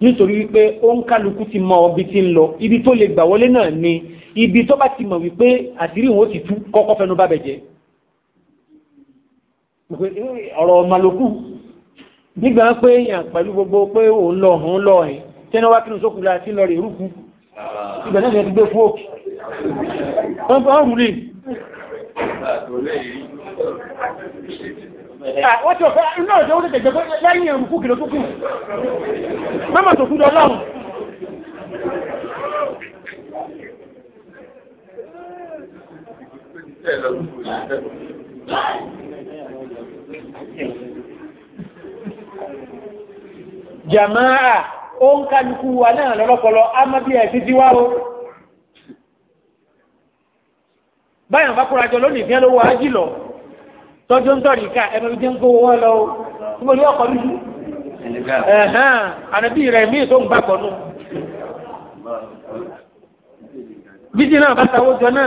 nítorí wípé ó ń kálukú ti mọ ibi tí ń lọ ibi tó lè gbà wọlé náà ni ibi tó bá ti mọ̀ wípé àṣírí wọn ó ti tú kọ́kọ́ fẹnu bá bẹ̀jẹ́ eh, ọ̀rọ̀ màlòkù nígbà pé èèyàn pẹ̀lú gbogbo pé òun lọ òun lọ ẹ̀ tẹ́nà wá kínú sókùn láti lọ rẹ̀ rúkú ìgbà náà ti gbé fún òkè wọ́n bá rú wọ́n tí ọ̀fẹ́ inú ọ̀dọ́ ó tètè gbẹ́gbẹ́ lẹ́yìn ẹ̀rùkú kìlọ̀ tó kù mẹ́mọ̀ tó kúrò ọlọ́run jàmáà ó ń kálukú wa náà lọ́lọ́pọ̀lọ́ á má bí ẹ̀sí tí wá o báyàn bá kúrajọ lónìí fi ẹ́ lówó ajílọ̀ tọ́jú ń tọ̀rí ká ẹnu jẹ́ ń kó wọ́n lọ tí mo ní ọkọ̀ mi jù. ànàbí rẹ̀ mí tó ń gbàgbọ́ nù. bíjì náà bá sáwó jọ náà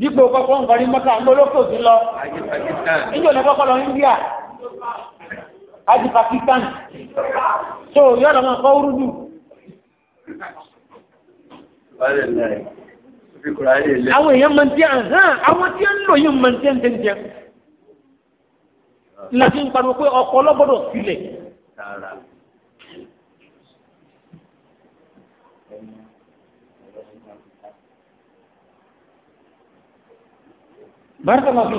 dípò kọ́kọ́ ń kọrin mọ́ta ń gbólókò sí lọ. níjọ́ ní kọ́kọ́ lọ India àti Pakistan so yọ̀ọ́ lọ́mọ kọ́ urúdù àwọn èèyàn máa ń tí àwọn àwọn tí ń lò yìí máa ń tí ń tẹ́ ń jẹ láti ń pariwo pé ọkọ ọlọ́gbọ́dọ̀ sílẹ̀. bárakà máa fi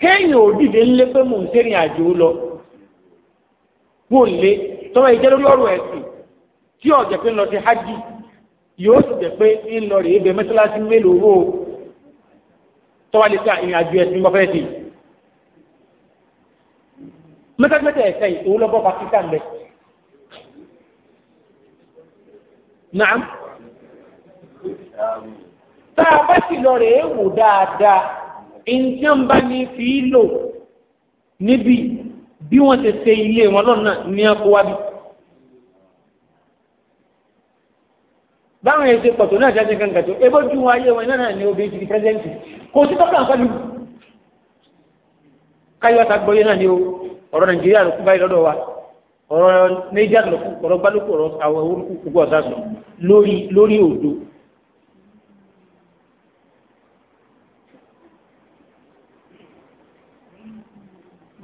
kéèyàn ò dìde ńlé pé mò ń sẹ́rìn àjò lọ wò lé tọ́wọ́ ìjẹ́ lórí ọ̀rọ̀ tí ọ̀jẹ̀ pé lọ sí hajj yóò sì jẹ́ pé ń lọ rèé bẹ mẹ́sálásí mélòó wò tọ́wálẹ́sà ìrìn àjò ẹ̀sìn bọ́fẹ́ sí. mẹ́tàgbẹ́tà ẹ̀sẹ̀ ìtòwó lọ́bọ̀ pakistan bẹ̀. Naam. Tá a bá sì lọ rèé wò dáadáa, ìjọba ń bá ní fi í lò níbi bí wọ́n ṣe ṣe ilé wọn lọ́nà ní ọkọ̀ táwọn èdè pọ̀tò náà jáde gangan tó ebójú wọn ayé wọn náà ní obìnrin ti di pẹ́sidẹ́ntì kò sí tọ́kàn pẹ̀lú káyọ̀tà gbọ́yé náà ní o ọ̀rọ̀ nàìjíríà ló kú báyìí lọ́dọ̀ wa ọ̀rọ̀ nàìjíríà ló kú ọ̀rọ̀ gbálùkù ọ̀rọ̀ àwọn orúkú kúkú ọ̀sásùn lórí lórí òdo.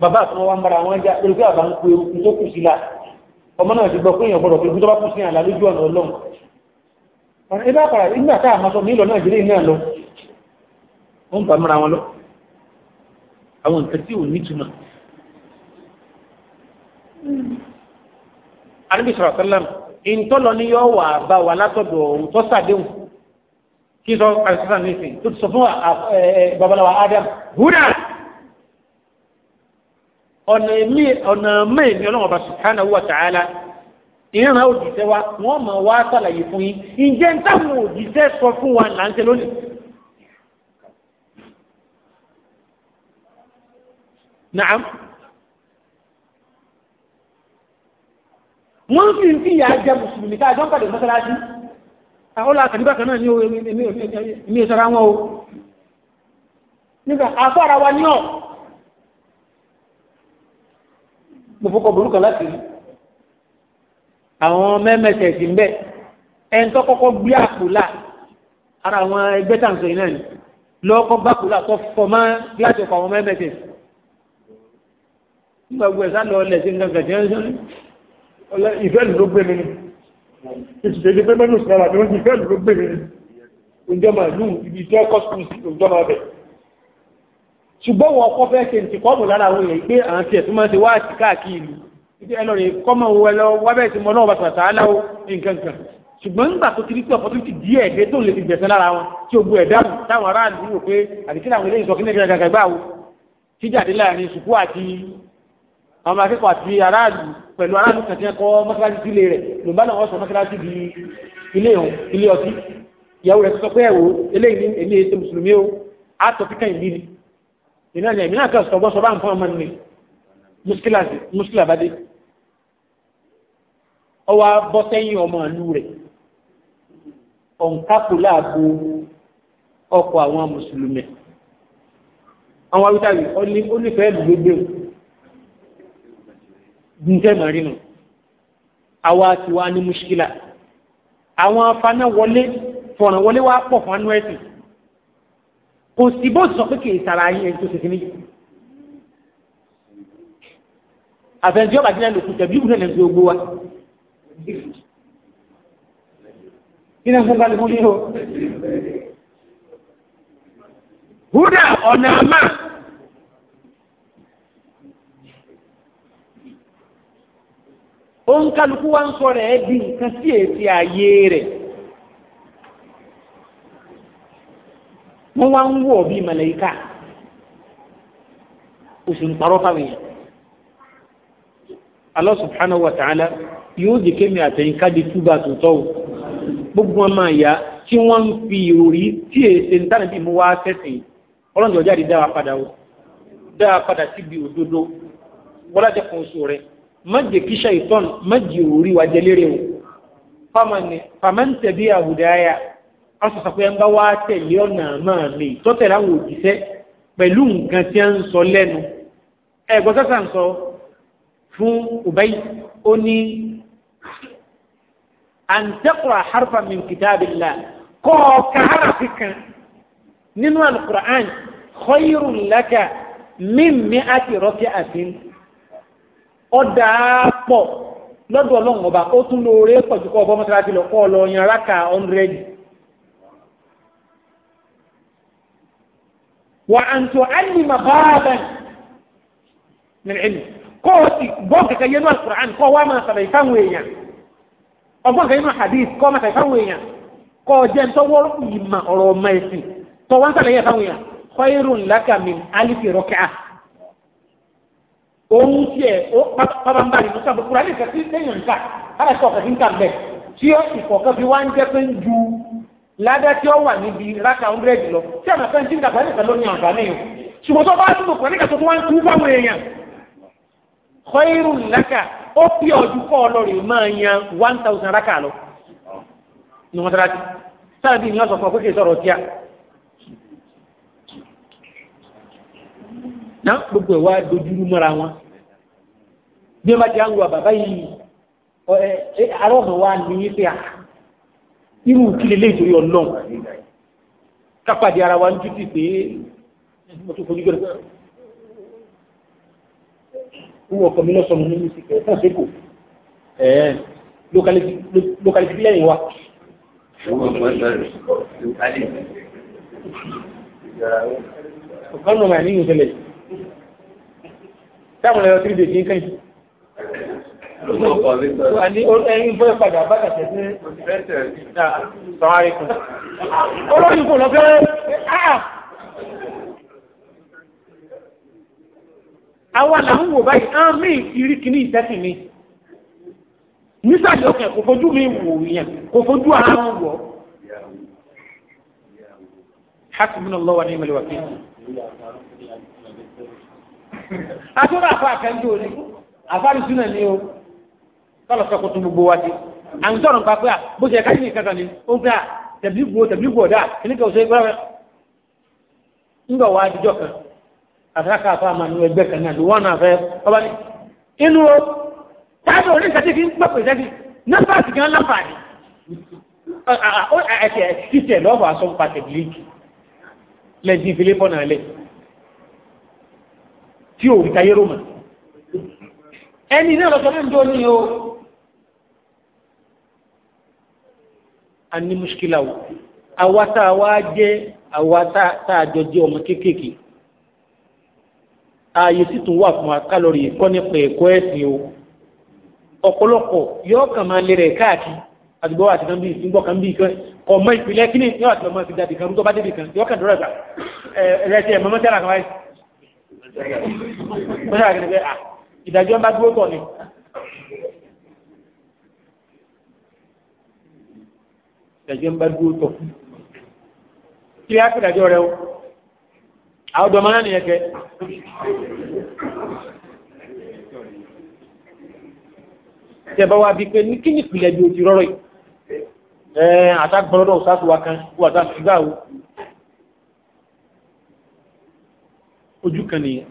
bàbá àtúnwá wa ń bára wọn já erùpẹ́ àbá ń pe orúkú tó la ọmọ náà ti gbọ́ pé èèyàn gbọ́dọ̀ pé ibi bá kù sí lójú ọ̀nà ọlọ́run ìbáfàrà ìgbàká àmásọ ní ìlọ náà jìrì náà lọ wọ́n bá mọ́ra wọn lọ àwọn nǹkan tí ò ní túmọ̀ anábì sọ̀rọ̀ sọ́lá ìntọ́lọ ní yọ wà bá wà látọ̀dọ̀ ohun tó sàdéhùn kí sọ àìsàn nísìn tó ti sọ fún ah, ah, eh, eh, babaláwa Adam buddha ọ̀nà mí ọ̀nà mí ni ọlọ́wọ́ bá subhanahu wa ta'ala ìran òjìṣẹ́ wa wọ́n mọ̀ wá sàlàyé fún yín ǹjẹ́ ń táwọn òjìṣẹ́ sọ fún wa là ń ṣe lónìí. Nàám. Wọ́n fi ń fìyà jẹ Mùsùlùmí ká àjọ́pàá lè mọ́sálásí. Àwọn olùkàdé bákan náà ní èmi ìṣọ́ra wọn o. Nígbà àfọ́ra wa ní ọ̀. Mo fọkọ̀ burúkọ láti rí àwọn mẹ́mẹ́sẹ̀ sí mbẹ́ ẹni tó kọ́kọ́ gbé àkùlà ara àwọn ẹgbẹ́ tàǹsọ̀ yìí náà ni lọ́kọ́ bá àkùlà tó fọ́ mọ́ gíláàsì ọkọ̀ àwọn mẹ́mẹ́sẹ̀ nígbà gbogbo ẹ̀sán lọ lẹ̀ sí nǹkan kẹ̀kẹ́ ìfẹ́ ló gbé mi ni ìṣèjì pé mẹ́nu sùn ara mi wọ́n ti ìfẹ́ ló gbé mi ni òjò máa lù ibi tí ọkọ̀ sùn sí òjò máa bẹ̀ ṣùgbọ́n wọn kọ́ fẹ́ ṣe ntìkọ́mù lára àwọn èèyàn pé àwọn tiẹ̀ tó máa ti wá àti káàkiri ìdí ẹlọ́rẹ̀ kọ́mọ̀ owó ẹlọ́ wábẹ́ ti mọ́ náà bàtà tààlà ó nǹkan kan ṣùgbọ́n nígbà tó ti rí pé ọ̀pọ̀tún ti díẹ̀ ẹ̀dẹ́ tó lè fi gbẹ̀sẹ̀ lára wọn tí ó gbọ́ ẹ̀dá táwọn aráàlú wò pé àdìsí làwọn eléyìí sọ kí nìkan gàgà gbà wo tíjáde láàrin sùkú àti àwọn akẹ́kọ̀ọ́ àti aráàlú pẹ̀lú aráàlú kan tí wọ́n kọ́ mọ́sálásí sílé rẹ̀ lòmbá náà wọ́n sọ mọ́sálásí di ilé ọ̀hún ilé ọtí ìyàwó rẹ̀ sọ pé ẹ̀wò eléyìí èmi ètò mùsùlùmí o á kíkà ìbí ni ìnáyà ìmínà kan sọ bọ́ bá ń fún ọmọ nìyí muskila bá dé ọwọ́ bọ́ sẹ́yìn ọmọ ìlú rẹ̀ ọ̀nkápò láàbò ọkọ̀ àwọn mùsùlùmí àwọn awítàwí onífẹ́ ìlú gbé o gúnjẹ́ mọ̀rínù àwa ti wá ní muskila àwọn afaná wọlé fọ̀ràn wọlé wá pọ̀ fún anú kò sí bó kì í sara ayé ẹni tó ṣe àfẹnjọ́ bàtí náà lòkùn tẹ̀bí ìbùdó lè fi wa. kí ni fún kálukú ní o. húdà ọ̀nà àmà. òun kálukú wa ń sọ rẹ̀ ẹ́ di nǹkan sí èsì ààyè rẹ̀. wọ́n wá ń wọ̀ bíi màláíkà. ń parọ́ fáwọn èèyàn. Allah subhanahu wa ta'ala yóò jẹ́ kémi àtẹ̀yìn káde túbà tuntọ́ o gbogbo wọn máa yá tí wọ́n ń fi orí tí èsè ntánà bí mo wá sẹ́sìn ọlọ́njọ́ jáde dá wa padà o dá wa padà síbi òdodo wọ́lájà kan oṣù rẹ̀ má jẹ́ kí ṣàìtọ́n má jẹ́ orí wa jẹ lérè o fàmáǹtẹ̀bí àwùdáyà asọ̀sọ̀ pé ẹ ń bá wá tẹ̀lé ọ̀nà máa mi tọ́tẹ̀ láwọn òjíṣẹ́ pẹ̀lú nǹkan tí a ń sọ lẹ́nu ẹ̀gbọ́n sọ́sà ń sọ فو أبي أني أن تقرأ حرفا من كتاب الله قو كعرفك ننوى القرآن خير لك من مئة ركعة أدى أبو لدو أبا أتو نوريك وجكو أبو مسرات لقولو ينركا أنريد وأن تعلم بابا من علم kó o sì gbọ́ kẹ̀kẹ́ yẹnu alukur'an kó o wá máa sàlàyé fáwọn èèyàn ọgbọ́n kẹ̀kẹ́ yẹnu hadith kó o máa sàlàyé fáwọn èèyàn kó o jẹ́ ntọ́wọ́ ìmọ̀ ọ̀rọ̀ ọmọ ẹ̀sìn tó wọ́n sàlàyé fáwọn èèyàn khairun laka min alifi rọ́kẹ́à òun tiẹ̀ ó bàbá ń bá nínú sábà kúrò alẹ́ kẹ́kẹ́ lẹ́yìn nǹka ara sọ kẹ́kẹ́ nǹka bẹ́ẹ̀ tí ó ìkọ̀kẹ́ fi wá ń jẹ́ pé ń ju ládá tí ó wà níbi rákà hundred lọ tí àmàfẹ́ ń tí ń dàgbà ní ìkàlóyìn àǹfààní yìí ṣùgbọ́n tó bá tún lò pẹ̀lú ìkàtọ́ tó wá ń tú fáwọn èèyàn kọ́írù lẹ́kà ó pí ọdún kọ́ ọlọ́rẹ̀ máa yan one thousand raka lọ ní wọ́n sára sára bí ní sọ fún ọkọ̀ sọ̀rọ̀ tíá na gbogbo ẹ̀ wá dojúrú mọ́ra wọn bí wọ́n bá àwọn bàbá wa a ah, irú kílẹ̀ lè torí ọlọ́run ara wa ń pé wọ́n ọkọ̀ mi lọ́sọ̀nù ní mi sì kẹ́ fún ṣépò ẹ̀ẹ́ lókàlìtì lẹ́yìn wa. ọ̀kan náà ní ìṣẹ̀lẹ̀ táwọn ẹ̀rọ tí ó dè kí n kẹ́yìn. Àní ẹ̀yìn bọ́ ìpadà bá kàtẹ́ sí ọ̀sẹ̀ sọ́wárí kan. Olóyìn kò lọ fẹ́ ah! àwa na wò báyìí á ah, mí ìrí kìíní ìtẹ́sìn nísàlẹ̀ òkè kò fojú mi wò yẹn kò fojú ara wọn wọ̀ hasbunallahu wa ni'mal wakeel asọ́rọ̀ àfa àkàndó ni àfáàrí súnà ni o kọ́lọ̀ gbogbo wa ti à ń sọ̀rọ̀ nípa pé à bó ṣe káyìn nìkan ni ó ń pè à tẹ̀bílì gbò tẹ̀bílì dáa ṣe é àtàkà àfa àmàlú ẹgbẹ́ kan náà lówó náà fẹ́ ọba ní. inú o táàbù oníṣẹ́tì fi ń pẹ̀pẹ̀ sẹ́bi nọ́mbàsì gan láǹfààní. ẹ̀kẹ́ títẹ̀ lọ́ọ̀bù asọ́n pàtẹ́ bíléèkì lẹ́jìn ìfìlẹ́ pọ̀ náà lẹ̀ tí òun ta yẹ́rọ mọ̀. ẹni náà lọ́sọ̀ ní ìjọ ni o. a ní mùṣkílà o àwa tá a wá jẹ́ àwa tá a jọ jẹ́ ọmọ kéékèèké ààyè sì tún wà fún akálọ̀rì ẹ̀kọ́ nípa ẹ̀kọ́ ẹ̀sìn o ọ̀pọ̀lọpọ̀ yóò kàn máa lè rẹ̀ káàkiri àdúgbò àti kan bí ìsìngbọ̀ kan bí kan ọmọ ìpìlẹ̀ kíní yóò àti ọmọ ìfìdá kan rúgbọ́ bá débi kan yóò kàn dúró ẹ̀gbà ẹ̀rẹ́sì ẹ̀ mọ́mọ́ tẹ́lá kan wáyé wọ́n ṣàkàtà kẹ́kẹ́ à ìdájọ́ ń bá dúró tọ̀ ni. ìdájọ́ ń bá dúró tọ̀ kí á pè dájọ́ rẹ àwọn ọ̀dọ̀ máa nìyẹn kẹ. tẹ bá wa bí pé ní kí ni ìpìlẹ̀ bí o ti rọ́rọ́ yìí ẹ̀ àtàgbọ́lọ́dọ̀ sáàtù wa kan wà tá a fi ojú kan nìyẹn.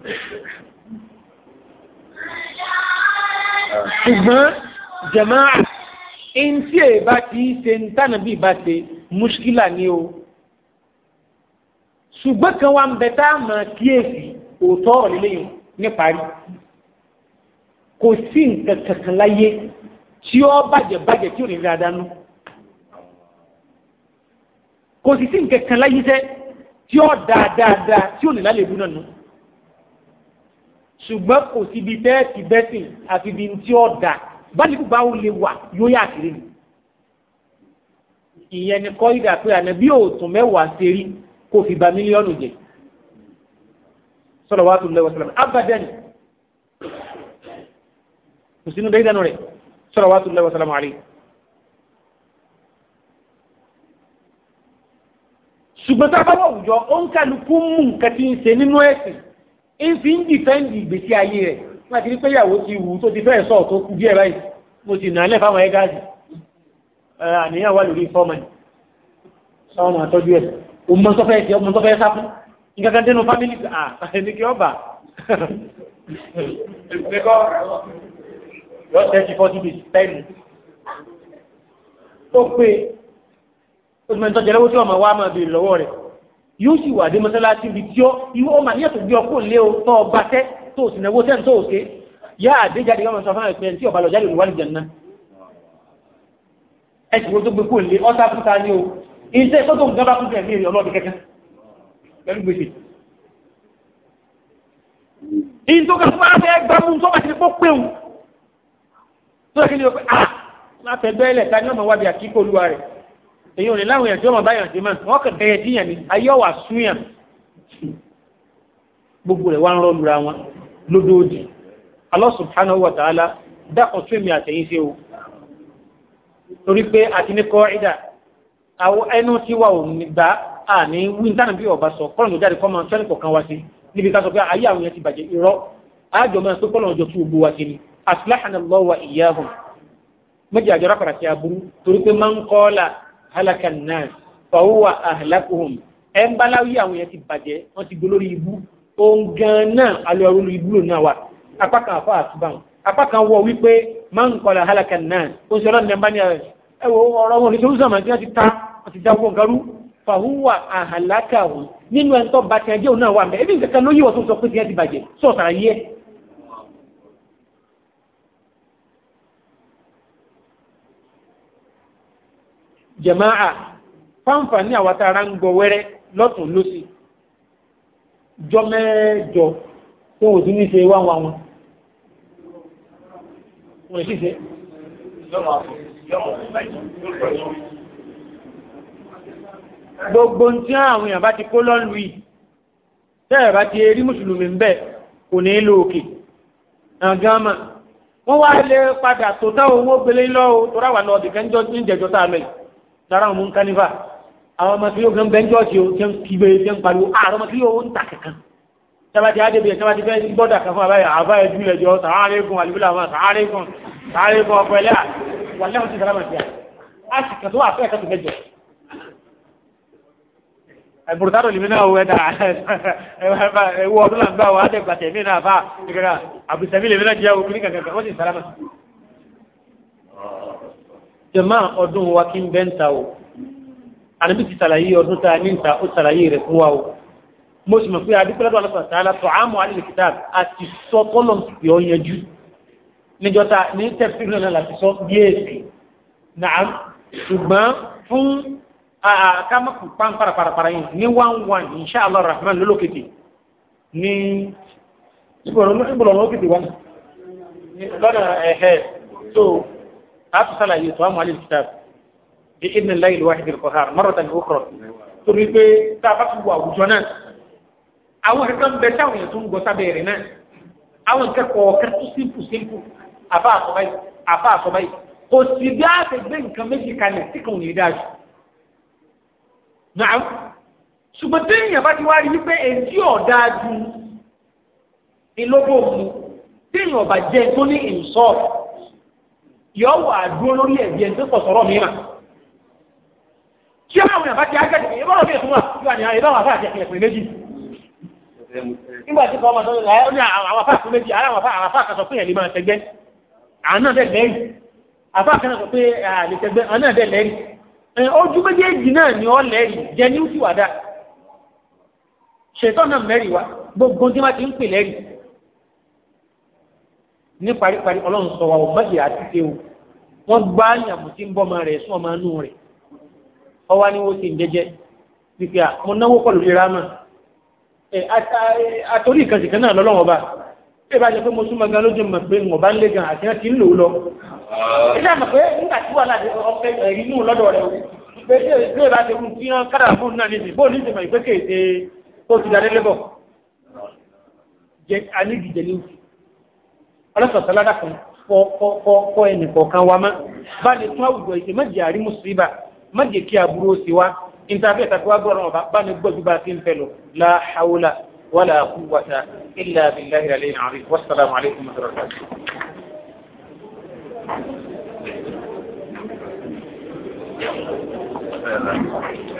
ṣùgbọ́n jẹ̀máà ẹni tí èèbá ti ṣe ní tànàbí ìbá ṣe mùṣkílà ni o ṣùgbọ́n kan wà ń bẹ tá a mọ̀ kíyèsí òótọ́ ọ̀rọ̀ líle yìí níparí kò sí nǹkan kankan láyé tí ó bàjẹ́ bàjẹ́ tí ò ní rí adánú kò sì sí nǹkan kan láyé sẹ́ tí ó dáa dáadáa tí ò ní lálébù náà nù ṣùgbọ́n kò síbi tẹ́ẹ̀tì bẹ́sìn àti ibi tí ó dáa báyìí bá ó lè wà yóò yà kiri ni ìyẹn ni kọ́ ìdà pé àná òòtún mẹ́wàá ṣe rí kó fi ba mílíọ̀nù jẹ sọlọ́wọ́tò lẹ́wọ̀ sọlọ́mù abadani kò sínú déédánù rẹ̀ sọlọ́wọ́tò lẹ́wọ̀ sọlọ́mù àlè. ṣùgbọ́n tá a bá wà àwùjọ ó ń kálukú mú nǹkan tí ń ṣe nínú ẹ̀sìn ń fi ń dìfẹ́ǹdì ìgbésí ayé rẹ̀ wọ́n ti rí pé ìyàwó ti wù ú tó ti fẹ́ sọ̀ tó kú díẹ̀ báyìí mo sì nà á lẹ̀ fáwọn àníyàn wà lórí fọ́ọ̀mù ọmọ àtọ́jú ẹ̀ ọmọ tó fẹ́ jẹ́ ọmọ tó fẹ́ sáfún nǹkan dẹnu fámílì à ẹni kí ọba ẹgbẹ́kọ́ yọ tẹ́sí fọ́tí bíi tẹ́nu tó pé oṣù tó jẹ́lẹ́wó tí ọmọ wa máa bèèrè lọ́wọ́ rẹ̀ yóò sì wà dé mọ́sálásí ibi tí ó ìwọ ọmọ yẹ́ tó gbé ọkọ̀ lé o tó ọba tẹ́ tó sì náwó tẹ́ tó òkè yá àdéjáde ọmọ sọ fún ẹ̀pẹ́ tí ọba lọ jáde olùwárí jẹ̀ náà ẹ̀sìn wo tó gbé kò lé ọ́sà fúta ní o iṣẹ́ tó tó nǹkan bá kú fẹ̀mí èrè ọlọ́dún kẹ́kẹ́ pẹ̀lú gbèsè ìyí tó kẹ́ fún afẹ́ gbámú tó bá ti kó péwu tó yẹ kí ni o pé ah, a láfẹ́ bẹ́ẹ̀lẹ̀ ta ni ọmọ wa bí àkíkó olúwa rẹ̀ èyí ò ní láwọn èèyàn tí ọmọ báyàn ti máa wọ́n kẹ̀ bẹ̀rẹ̀ díyàn ni ayé ọ̀wà súyàn gbogbo rẹ̀ wá ń rọ́lura wọn lódòdì Allah subhanahu wa ta'ala dákọ̀ tún èmi àtẹ̀yìn sí o torí pé àti ní kọ́ ìdá àwọn ẹnu tí wà ò nígbà à ní wíńtánà bí ọba sọ kọ́lọ̀ tó jáde kọ́mọ sẹ́nì kọ̀ọ̀kan wá sí níbi ká sọ pé ayé àwọn yẹn ti bàjẹ́ irọ́ àjọ máa pé kọ́lọ̀ ọjọ́ tó gbó wá sí ni aslahana Allahu wa iyyahum méjì àjọ rákàrà sí aburú torí pé man qala halaka an-nas fa huwa ahlakuhum ẹ ń bá láwí àwọn yẹn ti bàjẹ́ wọ́n ti gbó lórí ibú òun gan náà alẹ́ ọ̀rọ̀ ta a ti jáwọ́ garú n àhàlákà òun nínú ẹni tó bá ti ẹjẹ́ òun náà wà mẹ́ ebi nǹkan kan ló yíwọ́ tó sọ pé ti ti bàjẹ́ sọ̀tà yẹ. jẹ̀máà fáǹfà ní àwọn ń gbọ́ wẹ́rẹ́ lọ́tún lọ́sì jọ mẹ́jọ tó wò sí ní ṣe wá wọn gbogbo tí àwọn èèyàn bá ti kó lọ́lù yìí tẹ́ẹ̀ bá ti rí mùsùlùmí ń bẹ̀ kò ní lò òkè àgámà wọ́n wá lè padà tó dá owó gbélé lọ́wọ́ tó ráwà lọ ọ̀dẹ̀kẹ́ ń jẹjọ́ tá a lọ yìí lára àwọn múnkánífà àwọn ọmọ tí yóò gan bẹ́ńjọ́ ṣe ó jẹ́ ń kígbe jẹ́ ń pariwo ah, ààrẹ ọmọ tí yóò ń ta kankan sábàtì àdébìyẹ sábàtì fẹ́ gbọ́dà kan fún àbáyà àbáyà ìdílé ẹjọ́ sàárẹ̀ gùn àlùbílà wọn sàárẹ̀ gùn sàárẹ̀ gùn ọkọ̀ ẹlẹ́à wà lẹ́wọ̀n sí sàrámà sí à á sì kàn tó wà tó fẹ́ jẹ́ ẹ̀bùrùtàdọ̀ lèmi náà wọ ẹ̀dá ẹ̀wọ̀ ọdún là ń gbà wọ adẹ́gbàtẹ̀ mí náà bá ìgbàgbà àbùsẹ̀mí lèmi náà jẹ́ obìnrin kankan wọ́n sì sálámà. jẹ̀má ọdún wa kí n bẹ́ ń ta o ànábì ti sàlàyé ọdún tá a ní ta ó sàlàyé rẹ̀ fún wa o mo sì mọ̀ pé adúpẹ́lẹ́dọ̀ alásọ̀rọ̀ tààlà tó àmọ́ alẹ́ kìtà àti sọ tọ́lọ̀ pé ọ yanjú níjọta ní tẹ̀síwìlì náà láti sọ bí èsì náà ṣùgbọ́n fún aa ah, ah, ká má kú pan paraparapara yìí ní one one insha allah rahman lólókìtì ní ìbùrọ̀ lólókìtì wọn lọ́nà ẹ̀hẹ́ tó a tún sàlàyé tó àmọ́ alẹ́ kitab bí ibn láyé lọ́wọ́ ìdìrí kọ́ hàr mọ́rọ̀ tàbí ókọ̀rọ̀ torí pé tá a bá tún wọ àwùjọ náà àwọn kankan bẹ táwọn èèyàn tó ń gbọ́ sábẹ́ rẹ̀ náà àwọn kẹ́kọ̀ọ́ kẹ́kọ̀ọ́ simple simple àfa àsọ̀báyì àfa àsọ̀báyì kò sì bí a ti gbé nǹkan méjì kalẹ̀ tí kò ní dáa jù nàá ṣùgbọ́n téèyàn bá ti wá rí wípé èyí ọ̀dà ju ìlógún mu téèyàn ọ̀bà jẹ́ tó ní ìsọ̀ yọ wà dúró lórí ẹ̀bí ẹ̀ tó pọ̀ sọ̀rọ̀ mìíràn tí àwọn èèyàn bá ti ágẹ́ ìdíje ìbọ̀rọ̀ bíi ìtumọ̀ yóò ní àwọn ah, ìbáwọn afáàtì ẹ̀kẹ́ ìpè méjì nígbà tí kò ọmọ tó ní àwọn afáàtì méjì ara àwọn afáàtì sọ pé ẹ̀ lè máa tẹgbẹ́ àwọn náà dẹ̀ lẹ́yìn afáàtì náà sọ pé àlè ah, tẹgbẹ́ àwọn náà dẹ̀ lẹ́yìn ojú méjèèjì náà ni ọ lẹ́rìí jẹ ní òsì na ṣètọ́ náà mẹ́rìí wa gbogbo tí wọ́n ti ń pè lẹ́rìí ní paríparí ọlọ́run sọ wa ò mọ́jì àti ṣe o wọ́n gbá àyàmù tí ń bọ́ ọmọ rẹ̀ sún ọmọ inú rẹ̀ ọwá ni wọ́n ti ń fífi à mo náwó lórí rámà àtòrí náà ìbá jẹ́ pé mo súnmọ́ gan lójú mọ̀ pé mọ̀ bá ń lé gan àti wọn ti ń lò ó lọ. ìdá mọ̀ pé nígbà tí wàhálà ti ọ̀fẹ́ inú lọ́dọ̀ rẹ̀ o pé ṣé ìbá ti kún kí wọ́n kára fún náà níbi bóun níbi mọ̀ ìpé kéde tó ti darí lébọ̀. jẹ alígi jẹ níwù ọlọ́sọ̀ sáládà kan kọ́ ẹnì kọ̀ọ̀kan wa mọ́ bá lè tún àwùjọ ìṣe méjì àrí mùsùlùmí méjì kí aburú ó sì wá ìntàfẹ́ ìtàkùwá gbọ́ràn ọ̀bá bá ní gbọ́ ولا قوة إلا بالله العلي العظيم والسلام عليكم ورحمة الله وبركاته